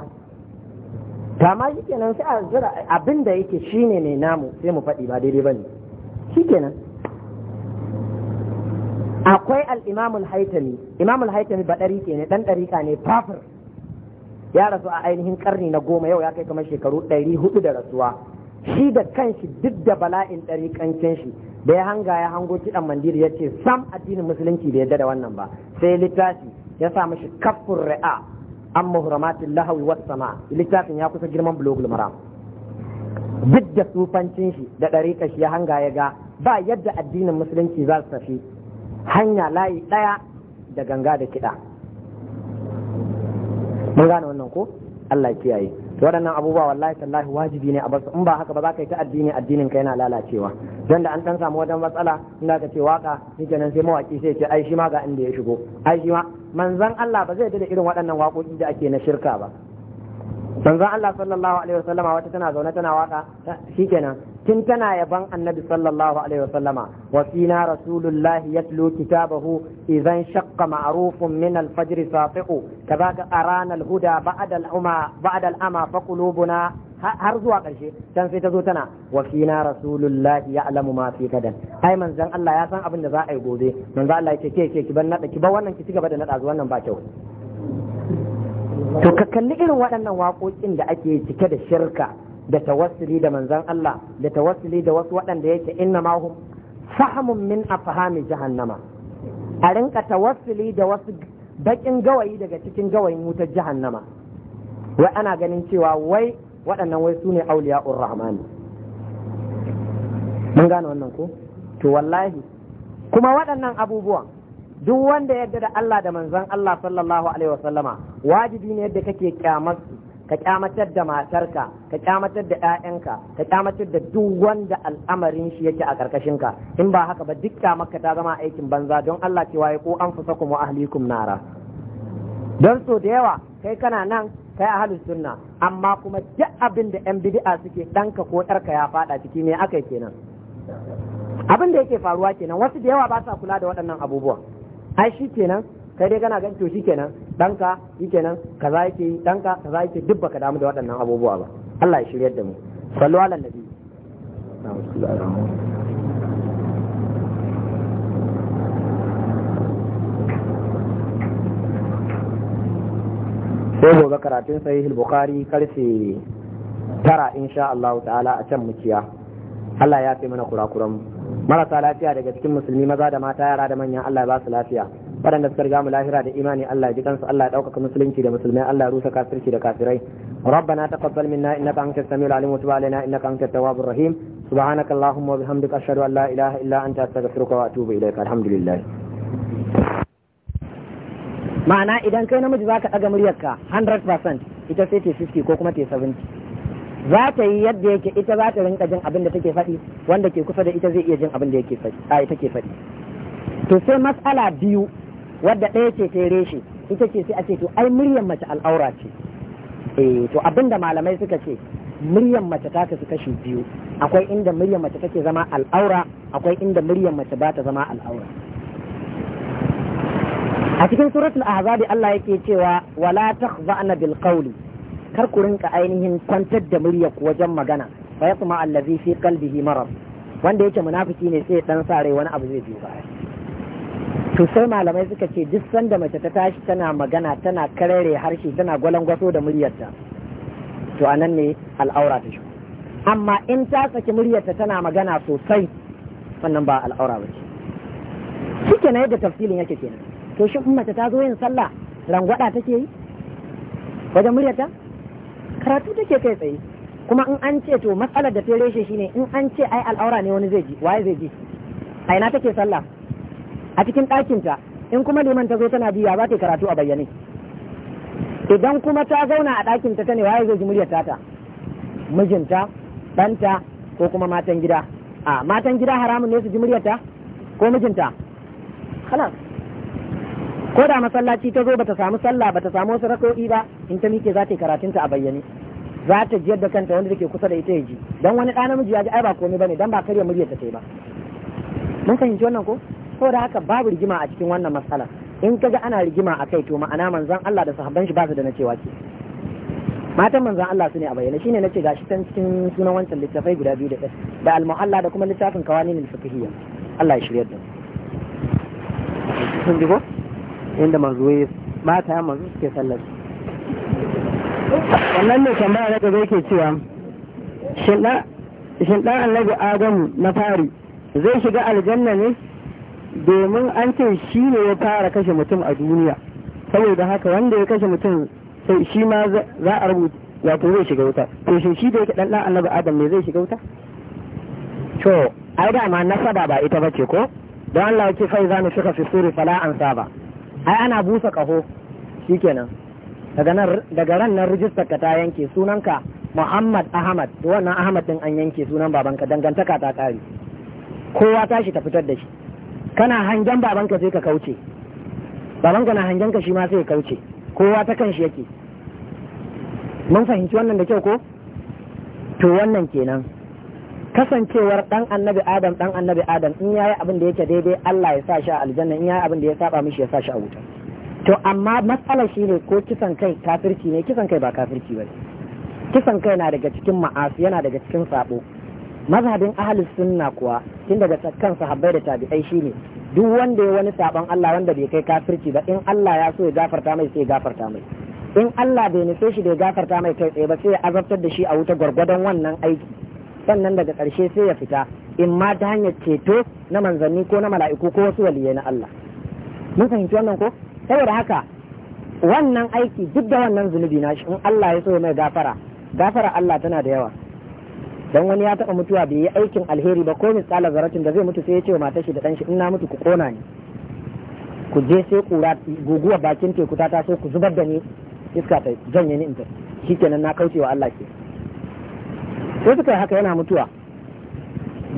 ma shi kenan sai a zira abin da yake shine mai namu sai mu faɗi ba daidai ne shi kenan akwai al’imamul haitami imamul haitami ba ke ne ɗan ɗarika ne fafir ya rasu a ainihin karni na goma yau ya kai kamar shekaru ɗari hudu da rasuwa shi da kanshi duk da bala'in ɗarikancin shi da ya hanga ya hango kiɗan mandiri ya ce sam addinin musulunci bai yarda da wannan ba sai littafi ya sa mashi kafin ra'a an muhramatin lahawi wasu sama littafin ya kusa girman bulogul maram duk da sufancin shi da ɗari kashi ya hanga ya ga ba yadda addinin musulunci za su tafi hanya layi ɗaya da ganga da kiɗa mun gane wannan ko Allah ya kiyaye waɗannan abubuwa wallahi tallahi wajibi ne a basu in ba haka ba za ka yi ta addini addinin ka yana lalacewa dan da an dan samu wajen matsala in ka ce waka kenan sai mawaki sai ce ai shi ma ga inda ya shigo ai shi ma manzon Allah ba zai da irin waɗannan waƙoƙi da ake na shirka ba manzon Allah sallallahu alaihi wasallama wata tana zaune tana waka shikenan tun tana yaban annabi sallallahu alaihi wasallama wa fina rasulullah yatlu kitabahu idan shaqqa ma'rufun min al-fajr kaza arana al-huda ba'da al-ama ba'da al-ama fa qulubuna har zuwa ƙarshe can sai ta zo tana wa fina rasulullah ya'lamu ma fi kadan ai manzon Allah ya san abin da za a yi gobe manzo Allah ya ce ke ke ki ban nada ki ba wannan ki cigaba da nada wannan ba kyau to ka kalli irin waɗannan waƙoƙin da ake cike da shirka da tawassuli da manzon Allah da tawassuli da wasu waɗanda yake inna ma hum fahmun min afhami jahannama a rinka tawassuli da wasu bakin gawayi daga cikin gawayin wutar jahannama wai ana ganin cewa wai waɗannan wai su ne ur rahmani mun gane wannan ko to wallahi kuma waɗannan abubuwan duk wanda yadda da Allah da manzon Allah sallallahu alaihi wasallama wajibi ne yadda kake kyamar ka kyamatar da matarka ka kyamatar da ƴaƴanka ka kyamatar da duk wanda al'amarin shi yake a karkashin ka in ba haka ba duk kyamarka ta zama aikin banza don Allah cewa ya ko anfusakum wa ahlikum nara don so da yawa kai kana nan kai halin sunna amma kuma duk abin da yan bid'a suke danka ko ɗarka ya fada ciki ne akai kenan abin da yake faruwa kenan wasu da yawa ba sa kula da waɗannan abubuwan ai shi kenan kai dai kana ganin to shi kenan danka shi kenan kaza yake yi danka kaza yake duk baka damu da waɗannan abubuwa ba Allah ya shiryar da mu sallu ala nabi sai gobe karatun sahihul bukhari karfe tara insha Allah ta'ala a can mukiya Allah ya fi mana kurakuran marasa lafiya daga cikin musulmi maza da mata yara da manya Allah ya ba su lafiya waɗanda suka riga mu lahira da imani Allah ya ji kansu Allah ya ɗaukaka musulunci da musulmai Allah ya rusa kafirci da kafirai ربنا تقبل منا انك انت السميع العليم وتب علينا انك انت التواب الرحيم سبحانك اللهم وبحمدك اشهد ان لا اله الا انت استغفرك واتوب اليك الحمد لله ma'ana idan kai namiji za ka ɗaga muryarka 100% ita sai te 50 ko kuma te 70 za ta yi yadda yake ita za ta rinka jin abin da take faɗi wanda ke kusa da ita zai iya jin abin da yake faɗi a ita ke faɗi to sai matsala biyu wadda ɗaya ce ta reshe ita ce sai a ce to ai muryar mace al'aura ce eh to abin da malamai suka ce muryar mace ta kasu kashi biyu akwai inda muryar mace take zama al'aura akwai inda muryar mace ba ta zama al'aura a cikin suratul ahzabi Allah yake cewa wala takhza'na bil qawli kar ku rinka ainihin kwantar da murya ku wajen magana fa yasma allazi fi qalbihi marad wanda yake munafiki ne sai dan sare wani abu zai biyo baya to sai malamai suka ce duk sanda mace ta tashi tana magana tana karere harshe tana gwalangwaso da muryarta to anan ne al'aura ta shigo amma in ta saki muryarta tana magana sosai wannan ba al'aura ba ce shi kenan yadda tafsilin yake kenan to shi in mace ta zo yin sallah rangwada take yi wajen muryarta karatu take kai tsaye kuma in an ce to matsalar da ta reshe shine in an ce ai al'aura ne wani zai ji waye zai ji a ina take sallah a cikin ɗakinta in kuma liman ta zo tana biya za ta karatu a bayyane idan kuma ta zauna a ɗakinta ta ne waye zai ji muryarta ta mijinta ɗanta ko kuma matan gida a matan gida haramun ne su ji muryarta ko mijinta خلاص ko da masallaci ta zo bata samu sallah bata samu wasu rako'i ba in ta mike za ta yi karatunta a bayyane za ta jiyar da kanta wanda take kusa da ita ya ji don wani ɗa namiji ya ji ai ba komai bane dan ba karya murya ta ta ba mun fahimci wannan ko saboda haka babu rigima a cikin wannan masala in ga ana rigima a kai to ma'ana manzon Allah da sahabban shi ba su da na cewa ce matan manzon Allah su ne a bayyane shine nace gashi tan cikin sunan wancan littafai guda biyu da da al mualla da kuma littafin kawani al-fiqhiyya Allah ya shirya da mu inda manzo ya mata mazu suke sallar wannan ne tambaya na gaba yake cewa shin dan annabi adamu na fari zai shiga aljanna ne domin an ce shi ne ya fara kashe mutum a duniya saboda haka wanda ya kashe mutum sai shi ma za a rubuta wato zai shiga wuta to shi shi da yake dan dan annabi adam ne zai shiga wuta to ai da ma nasaba ba ita bace ko don Allah ya ce fa idza nufiqa fi suri fala ba. ai ana busa kaho shikenan daga nan daga ran nan rijistar ka ta yanke sunanka Muhammad Ahmad to wannan Ahmad din an yanke sunan babanka dangantaka ta kare kowa tashi ta fitar da shi kana hangen babanka sai ka kauce babanka na hangen ka shi ma sai ka kauce kowa ta kan shi yake mun fahimci wannan da kyau ko to wannan kenan kasancewar dan annabi adam dan annabi adam in yayi abin da yake daidai Allah ya sa shi a aljanna in yayi abin da ya saba mishi ya sa shi a wuta to amma matsalar shi ko kisan kai kafirci ne kisan kai ba kafirci ba kisan kai na daga cikin ma'asi yana daga cikin sabo mazhabin ahlus sunna kuwa tun daga kan sahabbai da tabi'ai shine duk wanda ya wani sabon Allah wanda bai kai kafirci ba in Allah ya so ya gafarta mai sai ya gafarta mai in Allah bai nufe shi da ya gafarta mai kai tsaye ba sai ya azabtar da shi a wuta gwargwadon wannan aiki sannan daga ƙarshe sai ya fita in ma ta hanyar ceto na manzanni ko na mala'iku ko wasu waliyai na Allah mun fahimci wannan ko saboda haka wannan aiki duk da wannan zunubi na shi in Allah ya so mai gafara gafara Allah tana da yawa Don wani ya taɓa mutuwa bai yi aikin alheri ba ko misalan zaratin da zai mutu sai ya ce wa matar shi da ɗan in na mutu ku kona ni ku je sai kura guguwa bakin teku ta taso ku zubar da ni iska ta janye ni in ta shikenan na kauce wa Allah ke sai suka yi haka yana mutuwa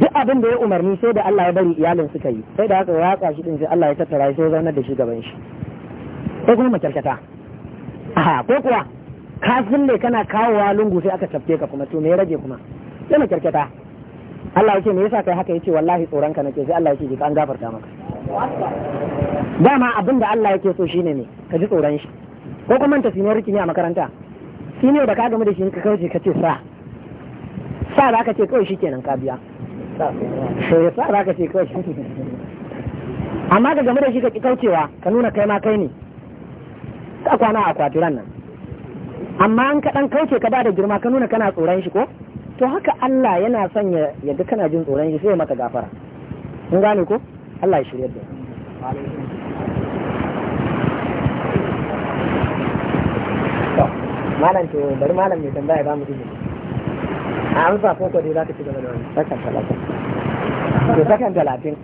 duk abin da ya umarni sai da Allah ya bari iyalin suka yi sai da haka ya ratsa shi din sai Allah ya tattara sai ya zaunar da shi gaban shi ko kuma makarkata aha ko kuwa ka ne kana kawowa lungu sai aka tafke ka kuma to me ya rage kuma sai makarkata Allah ya ce me yasa kai haka yace wallahi tsoron ka nake sai Allah ya ce ka an gafarta maka dama abin da Allah yake so shine ne ka ji tsoron shi ko kuma manta seniority ne a makaranta senior da ka gama da shi ka kauce ka ce sa sa za ka ce kawai shi kenan kabiya ya eh, sa za ka ce kawai shi, amma ka game da shi ka ƙi kaucewa ka nuna kai ma kai ne ka kwana a kwatiran nan amma an kaɗan kauce ka ba da girma ka nuna kana tsoron shi ko to haka Allah yana son ya yadda kana jin tsoron shi sai maka gafara kun gane ko Allah ya shirya da malam to bari malam mai tambaya ba mu izini a amsa koko ne za ka ci gaba da wani sakan talatin to sakan talatin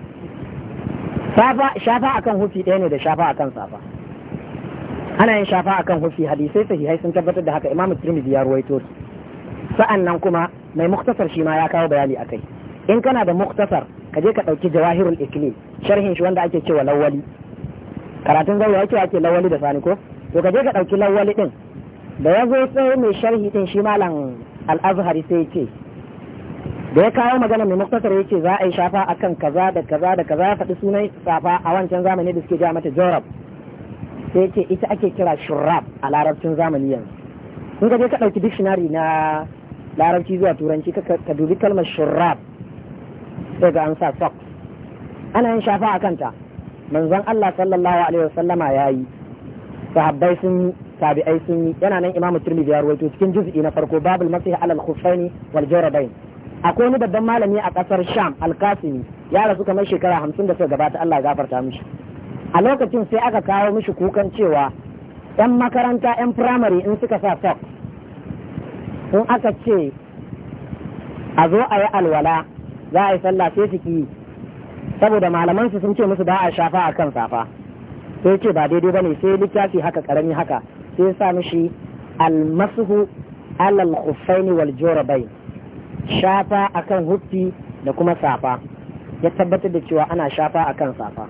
shafa akan hufi ɗaya ne da shafa akan safa ana yin shafa akan hufi hadisai sahihai sun tabbatar da haka Imam tirmidhi ya ruwaito sa'an nan kuma mai muktasar shi ma ya kawo bayani akai in kana da muktasar ka je ka ɗauki jawahirul ikli sharhin shi wanda ake cewa lawali karatun zaura yake ake lawali da sani ko to ka je ka ɗauki lawali din da ya zo sai mai sharhi din shi malam al sai ce da ya kawo magana mai muktasar ya ce za a yi shafa akan kaza da kaza da kaza faɗi sunan safa a wancan zamani da suke ja mata jorab sai ce ita ake kira shurab a larabcin zamani yanzu in ka je ka ɗauki dictionary na larabci zuwa turanci ka dubi kalmar shurab daga an sa ana yin shafa a kanta manzon Allah sallallahu alaihi wasallama ya yi sahabbai sun tabi'ai sun yi yana nan imamu tirmidhi ya rawaito cikin juz'i na farko babul masih alal khufaini wal jarabain akwai wani babban malami a kasar sham alkasimi ya rasu kamar shekara hamsin da suka gabata allah gafarta mishi a lokacin sai aka kawo mishi kukan cewa yan makaranta yan firamare in suka sa sok in aka ce a zo a yi alwala za a yi sallah sai su saboda malaman su sun ce musu ba a shafa a kan safa sai ce ba daidai bane sai littafi haka karami haka sai sa mishi almasuhu alal khuffaini wal jurabain shafa akan huffi da kuma safa ya tabbatar da cewa ana shafa akan safa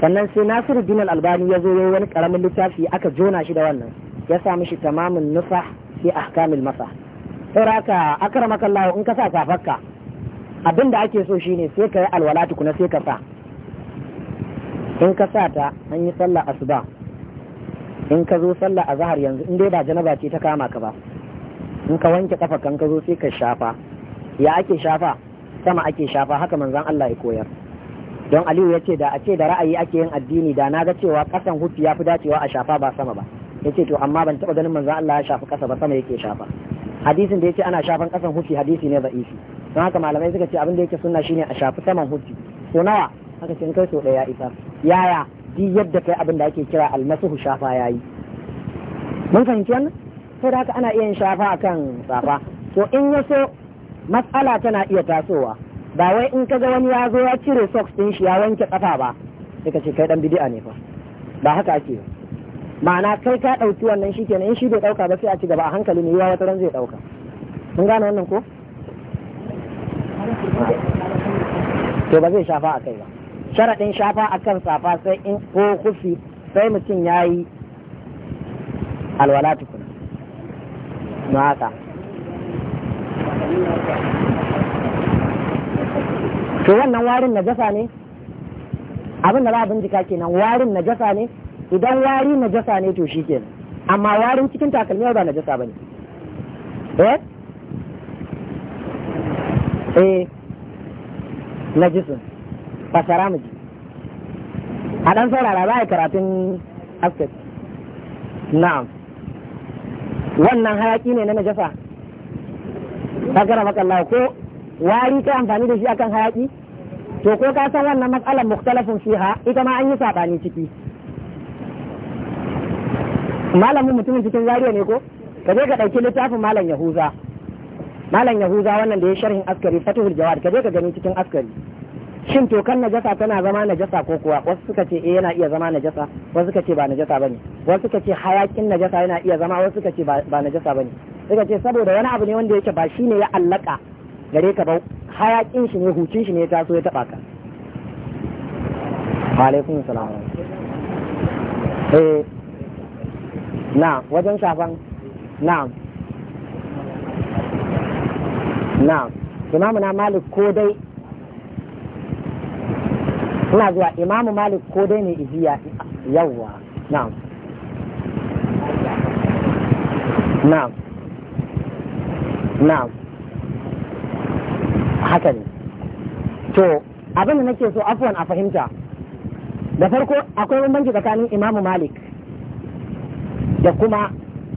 sannan sai nasiru bin albani ya zo yayi wani karamin littafi aka jona shi da wannan ya sa mishi tamamin nusa fi ahkamil masa sauraka akramaka Allah in ka sa safarka abin da ake so shine sai ka yi alwala tukuna sai ka sa in ka sa ta an yi sallar asuba in ka zo sallah a zahar yanzu in dai ba janaba ce ta kama ka ba in ka wanke kafa kan ka zo sai ka shafa ya ake shafa sama ake shafa haka manzon Allah ya koyar don Aliyu ya ce da a ce da ra'ayi ake yin addini da na ga cewa kasan hufi ya fi dacewa a shafa ba sama ba ya ce to amma ban taɓa ganin manzon Allah ya shafi kasa ba sama yake shafa hadisin da ya ce ana shafan kasan hufi hadisi ne da'ifi don haka malamai suka ce abin da yake sunna shine a shafi saman hufi to nawa haka ce in kai so daya isa yaya duk yadda kai abin da ake kira almasihu shafa yayi mun fahimci wannan sai da haka ana iya yin shafa akan safa to in ya so matsala tana iya tasowa ba wai in kaga wani ya zo ya cire socks din shi ya wanke kafa ba sai ka ce kai dan bid'a ne fa ba haka ake ba ma'ana kai ka ɗauki wannan shikenan in shi bai ɗauka ba sai a ci gaba a hankali ne ya wata ran zai ɗauka mun gane wannan ko to ba zai shafa a kai ba sharaɗin shafa akan safa sai in ko kufi sai mutum ya yi alwala tukuna na haka to wannan warin na jasa ne abin da za a bincika kenan warin na jasa ne idan wari na jasa ne to shi kenan amma warin cikin takalmiyar ba jasa ba ne eh eh najisin fasara mu a dan saurara ba ya karatun asket na'am wannan hayaki ne na najasa sakara makalla ko wari ka amfani da shi akan hayaki to ko ka san wannan matsalar mukhtalafin fiha ita ma an yi sabani ciki malamin mutumin cikin zariya ne ko ka je ka ɗauki littafin malam yahuza malam yahuza wannan da ya sharhin askari fatihul jawad ka je ka gani cikin askari shin tokan najasa tana zama najasa ko kuwa wasu suka ce eh yana iya zama najasa wasu suka ce ba najasa bane wasu suka ce hayakin najasa yana iya zama wasu suka ce ba najasa bane suka ce saboda wani abu ne wanda yake ba shine ya allaka gare ka ba hayakin shi ne hucin shi ne ya taso ya taba ka alaikum salam eh na wajen shafan na na imamu na malik ko dai ina zuwa imamu malik ko dai ne ijiya yawwa na'am na'am na'am haka ne to abin da nake so afwan a fahimta da farko akwai bambanci tsakanin imamu malik da kuma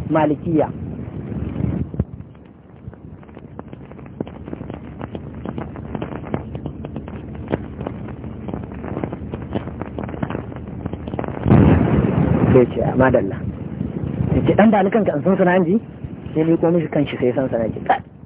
malikiya ma dalla. ce dan dalikan kanka in san sana'an ji sai ni ko mishi kanshi sai san sana'a